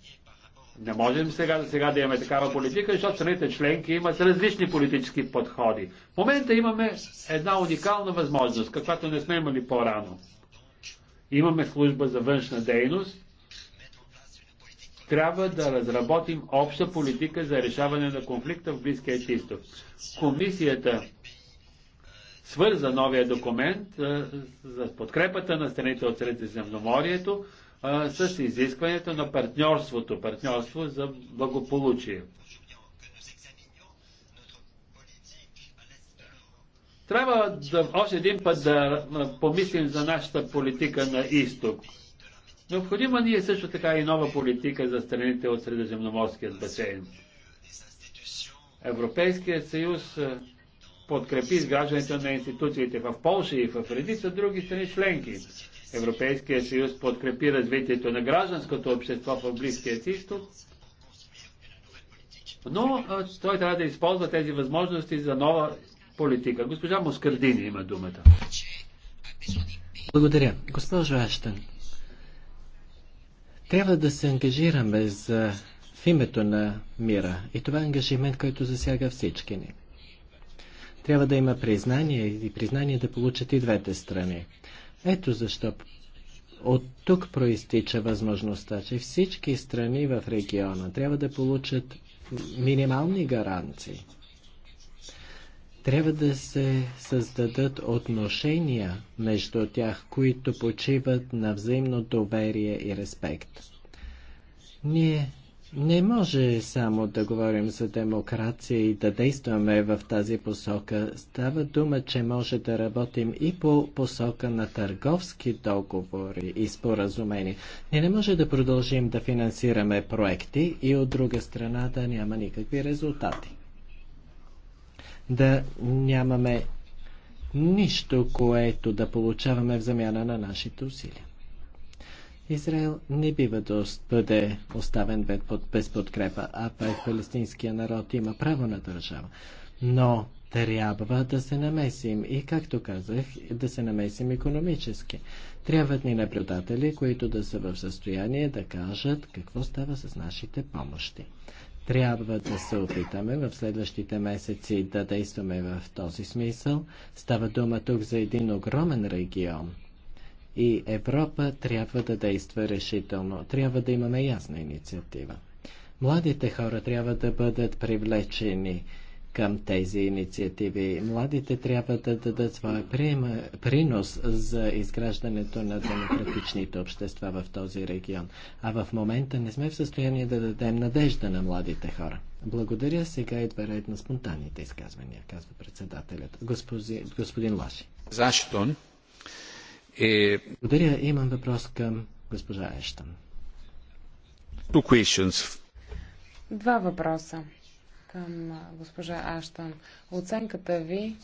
Не можем сега, сега да имаме такава политика, защото страните членки имат различни политически подходи. В момента имаме една уникална възможност, каквато не сме имали по-рано. Имаме служба за външна дейност. Трябва да разработим обща политика за решаване на конфликта в Близкия изток. Комисията свърза новия документ за подкрепата на страните от Средиземноморието с изискването на партньорството, партньорство за благополучие. Трябва да, още един път да помислим за нашата политика на изток. Необходима ни е също така и нова политика за страните от Средиземноморският басейн. Европейският съюз подкрепи изграждането на институциите в Польша и в редица други страни членки. Европейския съюз подкрепи развитието на гражданското общество в Близкия изток, но той трябва да използва тези възможности за нова политика. Госпожа Москардини има думата. Благодаря. Госпожо Аштън, трябва да се ангажираме за, в името на мира. И това е ангажимент, който засяга всички ни. Трябва да има признание и признание да получат и двете страни. Ето защо от тук проистича възможността, че всички страни в региона трябва да получат минимални гаранции. Трябва да се създадат отношения между тях, които почиват на взаимно доверие и респект. Ние не може само да говорим за демокрация и да действаме в тази посока. Става дума, че може да работим и по посока на търговски договори и споразумени. Ние не може да продължим да финансираме проекти и от друга страна да няма никакви резултати. Да нямаме нищо, което да получаваме в замяна на нашите усилия. Израел не бива да бъде оставен без подкрепа, а пък палестинския народ има право на държава. Но трябва да се намесим и, както казах, да се намесим економически. Трябват ни наблюдатели, които да са в състояние да кажат какво става с нашите помощи. Трябва да се опитаме в следващите месеци да действаме в този смисъл. Става дума тук за един огромен регион – и Европа трябва да действа решително. Трябва да имаме ясна инициатива. Младите хора трябва да бъдат привлечени към тези инициативи. Младите трябва да дадат своя принос за изграждането на демократичните общества в този регион. А в момента не сме в състояние да дадем надежда на младите хора. Благодаря. Сега идва ред на спонтанните изказвания, казва председателят. Господи, господин Лаши. Защо? Е... Благодаря. Имам въпрос към госпожа Ещан. Два въпроса към госпожа Аштан. Оценката ви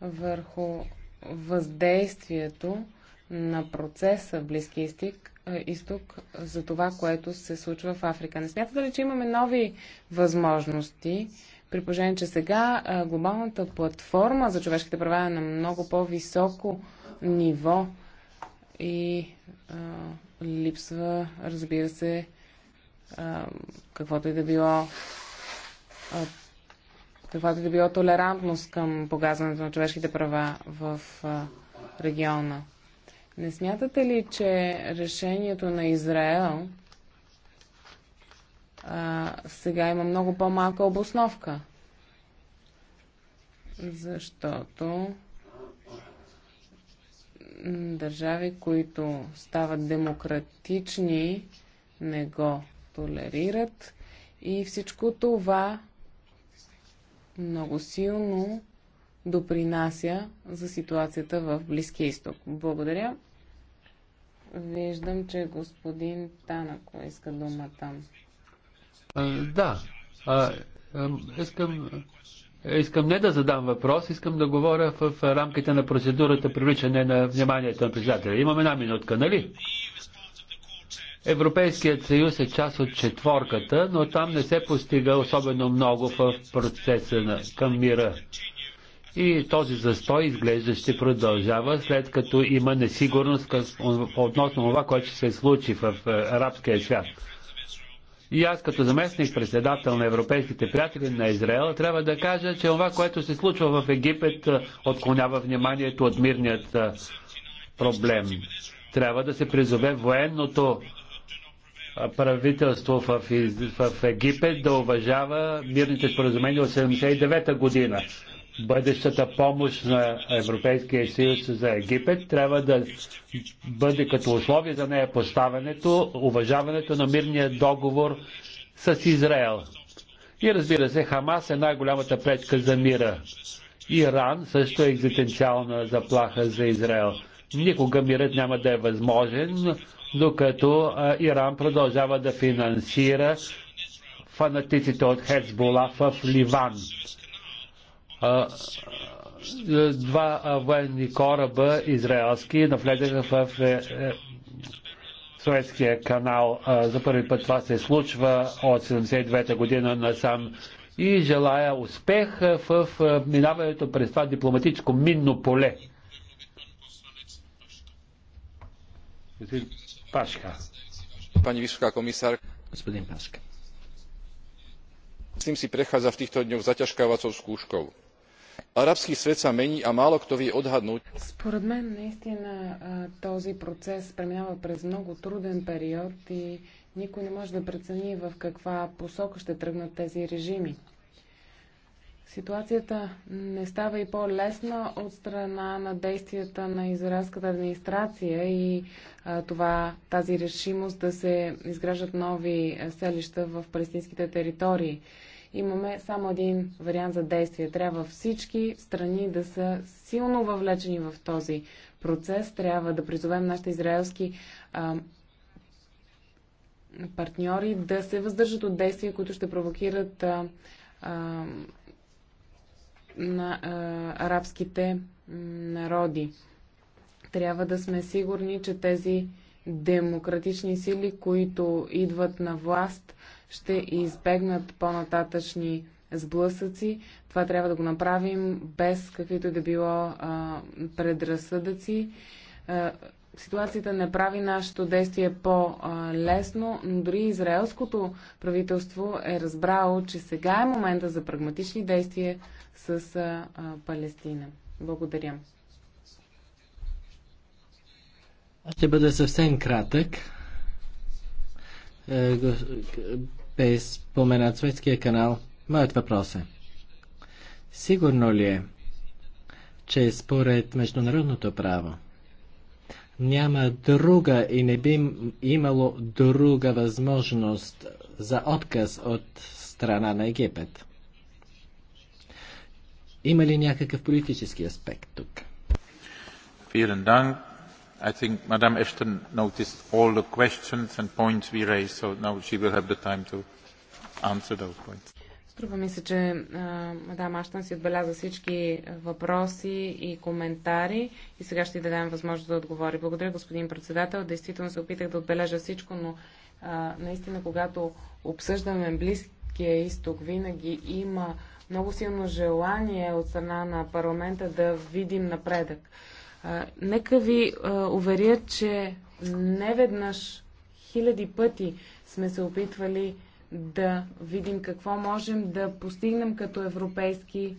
върху въздействието на процеса Близки изток, изток за това, което се случва в Африка. Не смятате ли, че имаме нови възможности? При положение, че сега глобалната платформа за човешките права е на много по-високо ниво и а, липсва, разбира се, а, каквото и да било а, каквато и да било толерантност към погазването на човешките права в а, региона. Не смятате ли, че решението на Израел а, сега има много по-малка обосновка? Защото държави, които стават демократични, не го толерират. И всичко това много силно допринася за ситуацията в Близкия изток. Благодаря. Виждам, че господин Танако иска думата. А, да. А, искам Искам не да задам въпрос, искам да говоря в рамките на процедурата привличане на вниманието на председателя. Имам една минутка, нали? Европейският съюз е част от четворката, но там не се постига особено много в процеса на, към мира. И този застой изглежда ще продължава, след като има несигурност към, относно това, което ще се случи в е, арабския свят. И аз като заместник председател на европейските приятели на Израел трябва да кажа, че това, което се случва в Египет, отклонява вниманието от мирният проблем. Трябва да се призове военното правителство в, Египет да уважава мирните споразумения от 79-та година бъдещата помощ на Европейския съюз за Египет трябва да бъде като условие за нея поставянето, уважаването на мирния договор с Израел. И разбира се, Хамас е най-голямата пречка за мира. Иран също е екзистенциална заплаха за Израел. Никога мирът няма да е възможен, докато Иран продължава да финансира фанатиците от Хецбола в Ливан два военни кораба израелски навлезаха в е, е, Суетския канал. За първи път това се случва от 79-та година насам и желая успех в е, минаването през това дипломатическо минно поле. Пашка. Пани Висока комисар. Господин Пашка. Myslím si prechádza v týchto dňoch zaťažkávacou skúškou арабски свят се мени, а малко кто ви е отгаднут. Според мен наистина този процес преминава през много труден период и никой не може да прецени в каква посока ще тръгнат тези режими. Ситуацията не става и по-лесна от страна на действията на израелската администрация и а, това, тази решимост да се изграждат нови селища в палестинските територии имаме само един вариант за действие. Трябва всички страни да са силно въвлечени в този процес. Трябва да призовем нашите израелски а, партньори да се въздържат от действия, които ще провокират а, а, на а, арабските народи. Трябва да сме сигурни, че тези демократични сили, които идват на власт, ще избегнат по-нататъчни сблъсъци. Това трябва да го направим без каквито да било а, предразсъдъци. А, ситуацията не прави нашето действие по-лесно, но дори израелското правителство е разбрало, че сега е момента за прагматични действия с а, а, Палестина. Благодаря. Ще бъда съвсем кратък. Е, е споменат Светския канал. Моят въпрос е, сигурно ли е, че според международното право няма друга и не би имало друга възможност за отказ от страна на Египет? Има ли някакъв политически аспект тук? Vielen Dank. I think ms Ashton noticed all the questions and points we raised, so now she will have the time to answer those points. Струва ми се, че мадам Аштън си отбеляза всички въпроси и коментари и сега ще й дадем възможност да отговори. Благодаря, господин председател. Действително се опитах да отбележа всичко, но а, наистина, когато обсъждаме Близкия изток, винаги има много силно желание от страна на парламента да видим напредък. Нека ви уверя, че не веднъж, хиляди пъти сме се опитвали да видим какво можем да постигнем като Европейски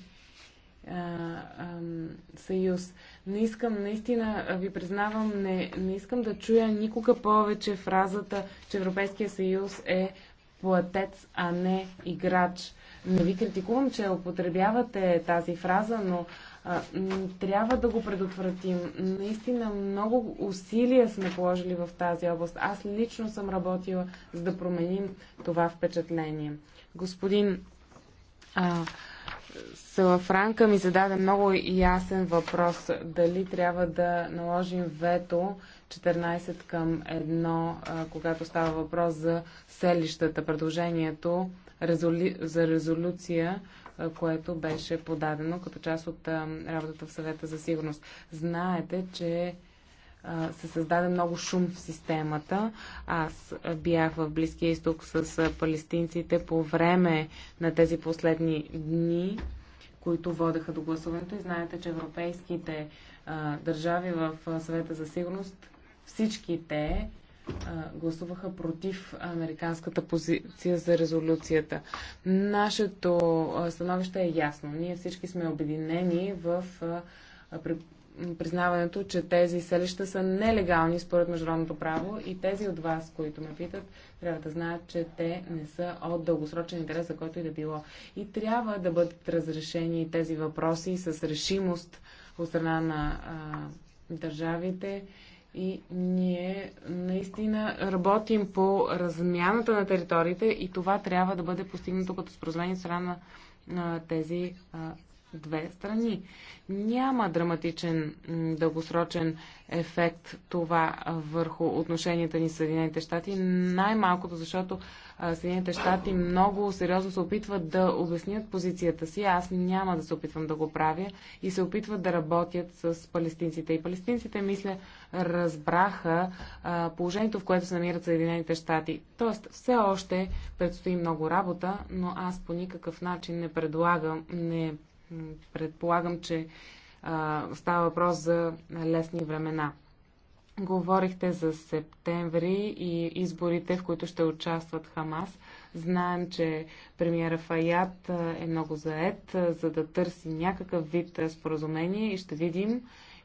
съюз. Не искам, наистина ви признавам, не, не искам да чуя никога повече фразата, че Европейския съюз е платец, а не играч. Не ви критикувам, че употребявате тази фраза, но трябва да го предотвратим. Наистина много усилия сме положили в тази област. Аз лично съм работила за да променим това впечатление. Господин а, Салафранка ми зададе много ясен въпрос. Дали трябва да наложим вето 14 към 1, а, когато става въпрос за селищата. Предложението резолю... за резолюция което беше подадено като част от работата в съвета за сигурност. Знаете, че се създаде много шум в системата. Аз бях в Близкия изток с палестинците по време на тези последни дни, които водеха до гласуването. И знаете, че европейските а, държави в съвета за сигурност, всички те гласуваха против американската позиция за резолюцията. Нашето становище е ясно. Ние всички сме обединени в признаването, че тези селища са нелегални според международното право и тези от вас, които ме питат, трябва да знаят, че те не са от дългосрочен интерес, за който и да било. И трябва да бъдат разрешени тези въпроси с решимост от страна на а, държавите и ние наистина работим по размяната на териториите и това трябва да бъде постигнато като споразумение от страна на, тези две страни. Няма драматичен дългосрочен ефект това върху отношенията ни с Съединените щати, най-малкото защото Съединените щати много сериозно се опитват да обяснят позицията си. Аз няма да се опитвам да го правя и се опитват да работят с палестинците. И палестинците, мисля, разбраха положението, в което се намират Съединените щати. Тоест, все още предстои много работа, но аз по никакъв начин не предлагам, не Предполагам, че а, става въпрос за лесни времена. Говорихте за септември и изборите, в които ще участват Хамас. Знаем, че премиера Фаят е много заед, за да търси някакъв вид споразумение и ще видим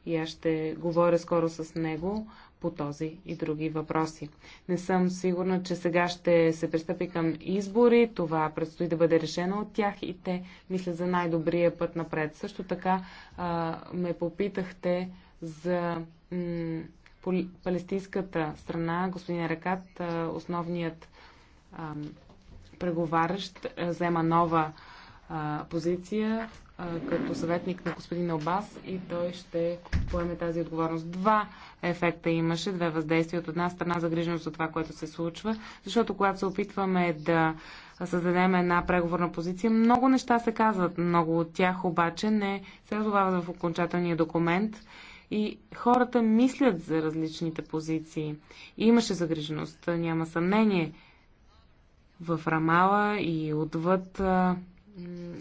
и аз ще говоря скоро с него по този и други въпроси. Не съм сигурна, че сега ще се пристъпи към избори. Това предстои да бъде решено от тях и те мисля за най-добрия път напред. Също така а, ме попитахте за палестинската страна, господин Ракат, основният а, преговарящ, взема нова а, позиция а, като съветник на господин Обас и той ще поеме тази отговорност. Два ефекта имаше, две въздействия. От една страна загриженост от това, което се случва, защото когато се опитваме да създадем една преговорна позиция, много неща се казват. Много от тях обаче не се разговарят в окончателния документ и хората мислят за различните позиции. И имаше загриженост, няма съмнение. В Рамала и отвъд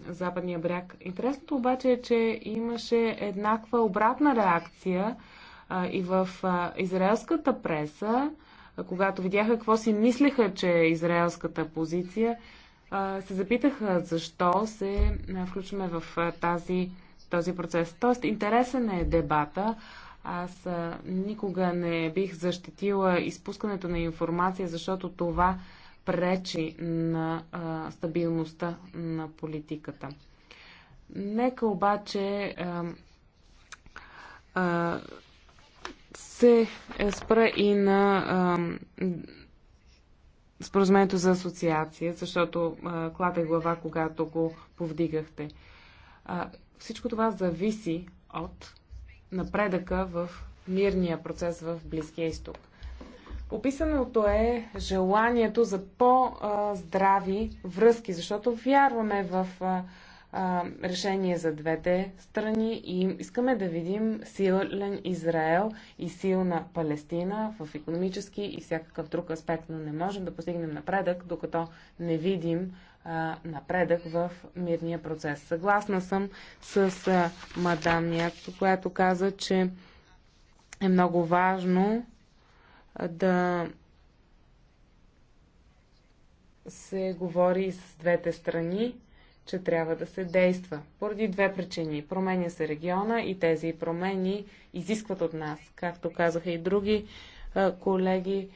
Западния бряг. Интересното обаче е, че имаше еднаква обратна реакция а, и в а, израелската преса, а, когато видяха какво си мислеха, че е израелската позиция, а, се запитаха защо се включваме в а, тази, този процес. Тоест, интересен е дебата. Аз а, никога не бих защитила изпускането на информация, защото това пречи на а, стабилността на политиката. Нека обаче а, а, се спра и на а, споразумението за асоциация, защото а, глава, когато го повдигахте. А, всичко това зависи от напредъка в мирния процес в Близкия изток. Описаното е желанието за по-здрави връзки, защото вярваме в решение за двете страни и искаме да видим силен Израел и силна Палестина в економически и всякакъв друг аспект, но не можем да постигнем напредък, докато не видим напредък в мирния процес. Съгласна съм с мадам която каза, че е много важно да се говори с двете страни, че трябва да се действа. Поради две причини. Променя се региона и тези промени изискват от нас, както казаха и други колеги,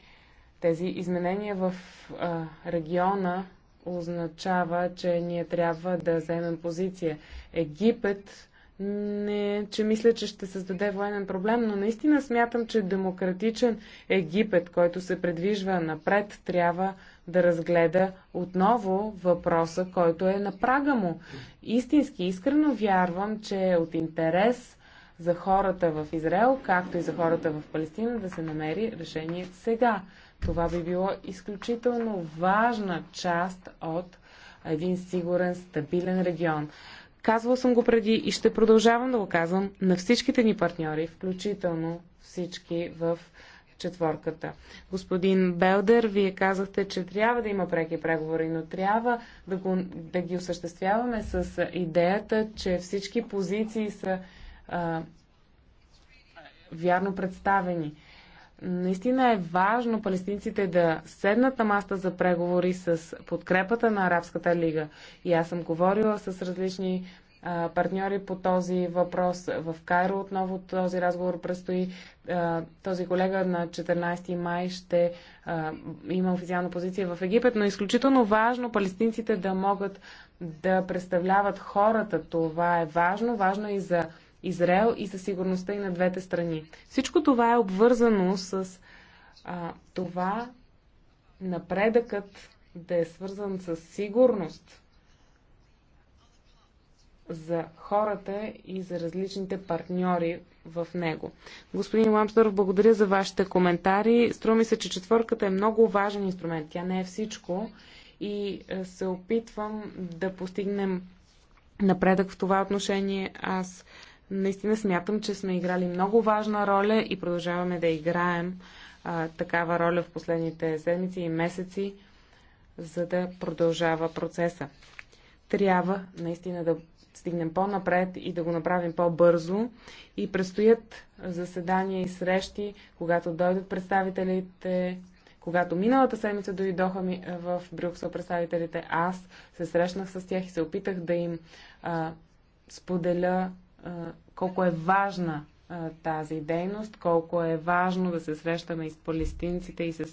тези изменения в а, региона означава, че ние трябва да вземем позиция. Египет не, че мисля, че ще създаде военен проблем, но наистина смятам, че демократичен Египет, който се предвижва напред, трябва да разгледа отново въпроса, който е на прага му. Истински, искрено вярвам, че е от интерес за хората в Израел, както и за хората в Палестина, да се намери решение сега. Това би било изключително важна част от един сигурен, стабилен регион. Казвал съм го преди и ще продължавам да го казвам на всичките ни партньори, включително всички в четворката. Господин Белдер, вие казахте, че трябва да има преки преговори, но трябва да, го, да ги осъществяваме с идеята, че всички позиции са а, вярно представени. Наистина е важно палестинците да седнат на маста за преговори с подкрепата на Арабската лига. И аз съм говорила с различни партньори по този въпрос. В Кайро отново този разговор предстои. този колега на 14 май ще има официална позиция в Египет, но е изключително важно палестинците да могат да представляват хората. Това е важно. Важно е и за Израел и със сигурността и на двете страни. Всичко това е обвързано с а, това напредъкът да е свързан с сигурност за хората и за различните партньори в него. Господин Ламсторов, благодаря за вашите коментари. Струва ми се, че четвърката е много важен инструмент. Тя не е всичко и е, се опитвам да постигнем напредък в това отношение. Аз Наистина смятам, че сме играли много важна роля и продължаваме да играем а, такава роля в последните седмици и месеци, за да продължава процеса. Трябва наистина да стигнем по-напред и да го направим по-бързо. И предстоят заседания и срещи, когато дойдат представителите когато миналата седмица дойдоха ми в Брюксел представителите, аз се срещнах с тях и се опитах да им а, споделя колко е важна тази дейност, колко е важно да се срещаме и с палестинците, и с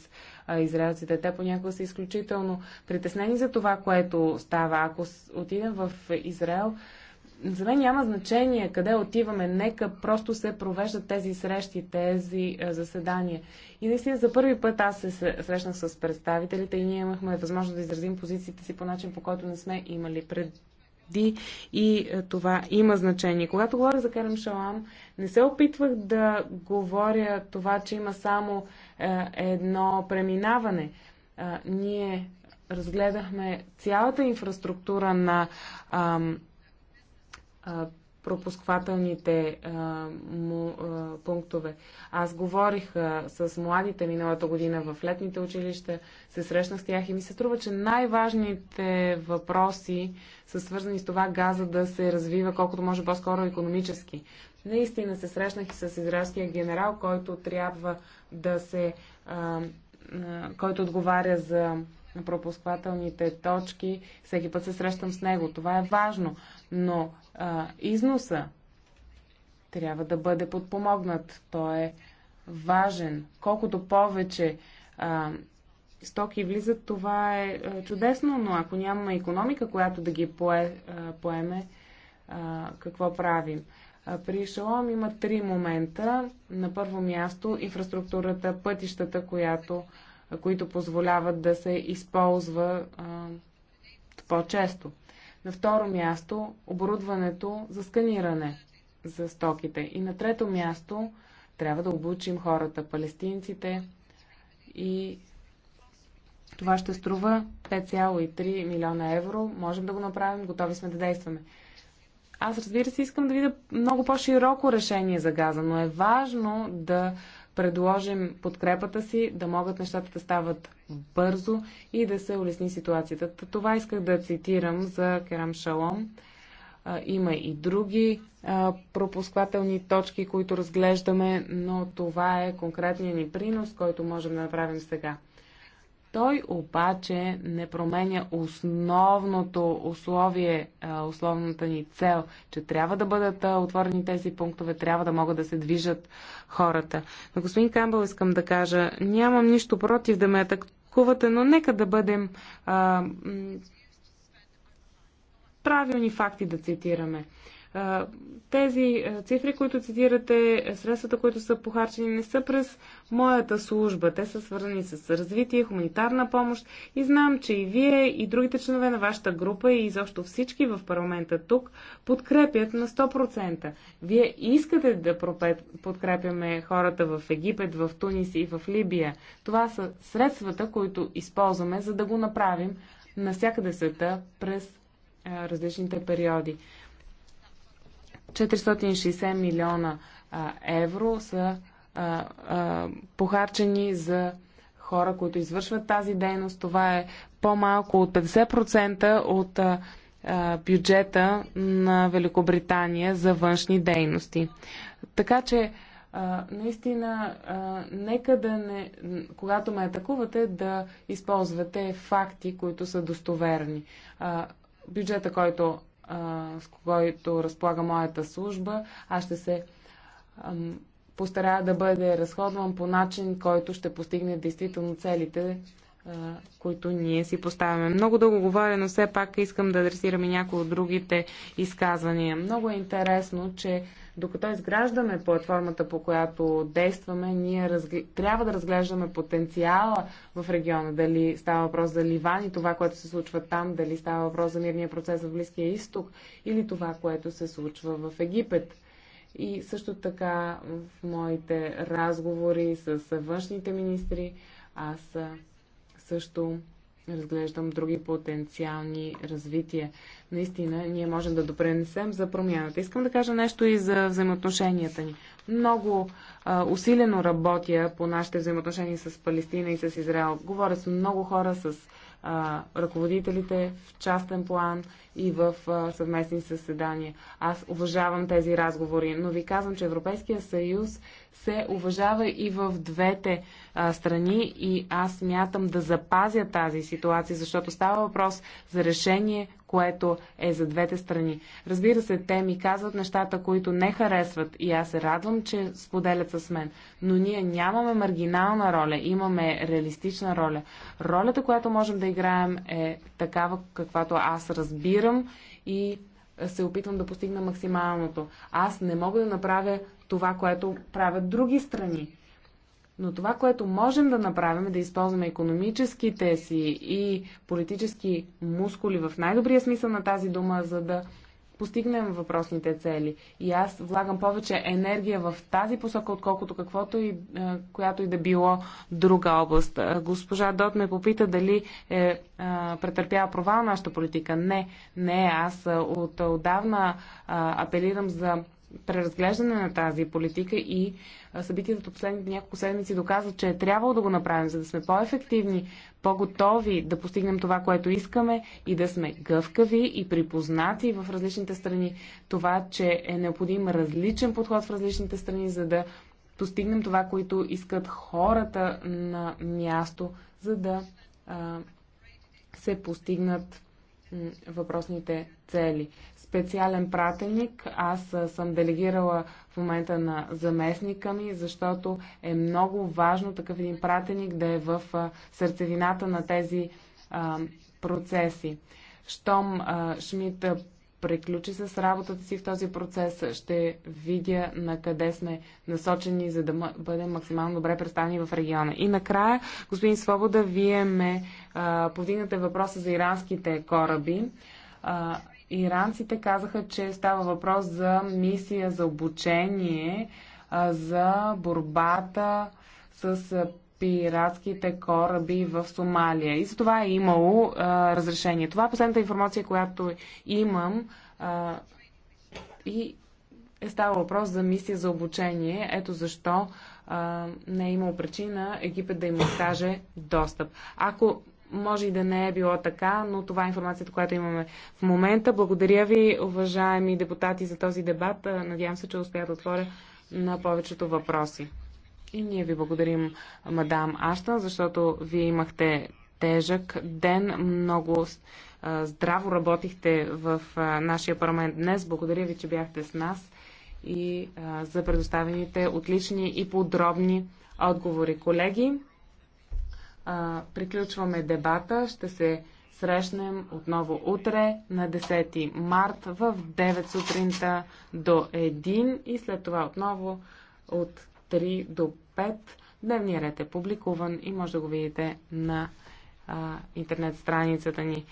израелците. Те понякога са изключително притеснени за това, което става. Ако отидем в Израел, за мен няма значение къде отиваме, нека просто се провеждат тези срещи, тези заседания. И наистина за първи път аз се срещнах с представителите и ние имахме възможност да изразим позициите си по начин, по който не сме имали пред, води и е, това има значение. Когато говоря за Керем Шалам, не се опитвах да говоря това, че има само е, едно преминаване. Е, ние разгледахме цялата инфраструктура на пропусквателните а, му, а, пунктове. Аз говорих а, с младите миналата година в летните училища, се срещнах с тях и ми се струва, че най-важните въпроси са свързани с това газа да се развива колкото може по-скоро економически. Наистина се срещнах и с израелския генерал, който трябва да се. А, а, който отговаря за на пропусквателните точки. Всеки път се срещам с него. Това е важно. Но а, износа трябва да бъде подпомогнат. Той е важен. Колкото повече а, стоки влизат, това е а, чудесно, но ако няма економика, която да ги пое, а, поеме, а, какво правим? При Шалом има три момента. На първо място инфраструктурата, пътищата, която които позволяват да се използва по-често. На второ място оборудването за сканиране за стоките. И на трето място трябва да обучим хората, палестинците и това ще струва 5,3 милиона евро. Можем да го направим, готови сме да действаме. Аз разбира се искам да видя много по-широко решение за газа, но е важно да предложим подкрепата си, да могат нещата да стават бързо и да се улесни ситуацията. Това исках да цитирам за Керам Шалом. Има и други пропускателни точки, които разглеждаме, но това е конкретният ни принос, който можем да направим сега. Той обаче не променя основното условие, основната ни цел, че трябва да бъдат отворени тези пунктове, трябва да могат да се движат хората. Но господин Камбъл искам да кажа, нямам нищо против да ме атакувате, но нека да бъдем а, правилни факти да цитираме. Тези цифри, които цитирате, средствата, които са похарчени, не са през моята служба. Те са свързани с развитие, хуманитарна помощ и знам, че и вие, и другите членове на вашата група и изобщо всички в парламента тук подкрепят на 100%. Вие искате да подкрепяме хората в Египет, в Тунис и в Либия. Това са средствата, които използваме, за да го направим навсякъде света през различните периоди. 460 милиона евро са похарчени за хора, които извършват тази дейност. Това е по-малко от 50% от бюджета на Великобритания за външни дейности. Така че, наистина, нека да не, когато ме атакувате, да използвате факти, които са достоверни. бюджета, който с който разполага моята служба, аз ще се постарая да бъде разходван по начин, който ще постигне действително целите, които ние си поставяме. Много дълго говоря, но все пак искам да адресирам и някои от другите изказвания. Много е интересно, че докато изграждаме платформата, по която действаме, ние разгл... трябва да разглеждаме потенциала в региона. Дали става въпрос за Ливан и това, което се случва там, дали става въпрос за мирния процес в Близкия изток или това, което се случва в Египет. И също така в моите разговори с външните министри аз също разглеждам други потенциални развития. Наистина, ние можем да допренесем за промяната. Искам да кажа нещо и за взаимоотношенията ни. Много а, усилено работя по нашите взаимоотношения с Палестина и с Израел. Говоря с много хора, с а, ръководителите в частен план и в а, съвместни съседания. Аз уважавам тези разговори, но ви казвам, че Европейския съюз се уважава и в двете а, страни и аз мятам да запазя тази ситуация, защото става въпрос за решение, което е за двете страни. Разбира се, те ми казват нещата, които не харесват и аз се радвам, че споделят с мен, но ние нямаме маргинална роля, имаме реалистична роля. Ролята, която можем да играем е такава, каквато аз разбирам и се опитвам да постигна максималното. Аз не мога да направя това, което правят други страни. Но това, което можем да направим е да използваме економическите си и политически мускули в най-добрия смисъл на тази дума, за да постигнем въпросните цели. И аз влагам повече енергия в тази посока, отколкото каквото и е, която и да било друга област. Е, госпожа Дот ме попита дали е, е претърпява провал нашата политика. Не, не, аз от отдавна апелирам за преразглеждане на тази политика и събитията от последните няколко седмици доказват, че е трябвало да го направим, за да сме по-ефективни, по-готови да постигнем това, което искаме и да сме гъвкави и припознати в различните страни. Това, че е необходим различен подход в различните страни, за да постигнем това, което искат хората на място, за да а, се постигнат въпросните цели. Специален пратеник аз съм делегирала в момента на заместника ми, защото е много важно такъв един пратеник да е в сърцевината на тези а, процеси. Щом а, Шмидт приключи с работата си в този процес, ще видя на къде сме насочени, за да бъдем максимално добре представени в региона. И накрая, господин Свобода, вие ме а, повдигнате въпроса за иранските кораби. А, иранците казаха, че става въпрос за мисия за обучение, а, за борбата с пиратските кораби в Сомалия. И за това е имало а, разрешение. Това е последната информация, която имам. А, и е става въпрос за мисия за обучение. Ето защо а, не е имало причина Египет да им откаже достъп. Ако може и да не е било така, но това е информацията, която имаме в момента. Благодаря ви, уважаеми депутати, за този дебат. Надявам се, че успя да отворя на повечето въпроси. И ние ви благодарим, мадам Аштън, защото вие имахте тежък ден, много здраво работихте в нашия парламент днес. Благодаря ви, че бяхте с нас и за предоставените отлични и подробни отговори. Колеги, приключваме дебата. Ще се срещнем отново утре на 10 март в 9 сутринта до 1 и след това отново от 3 до 5. Дневният ред е публикуван и може да го видите на а, интернет страницата ни.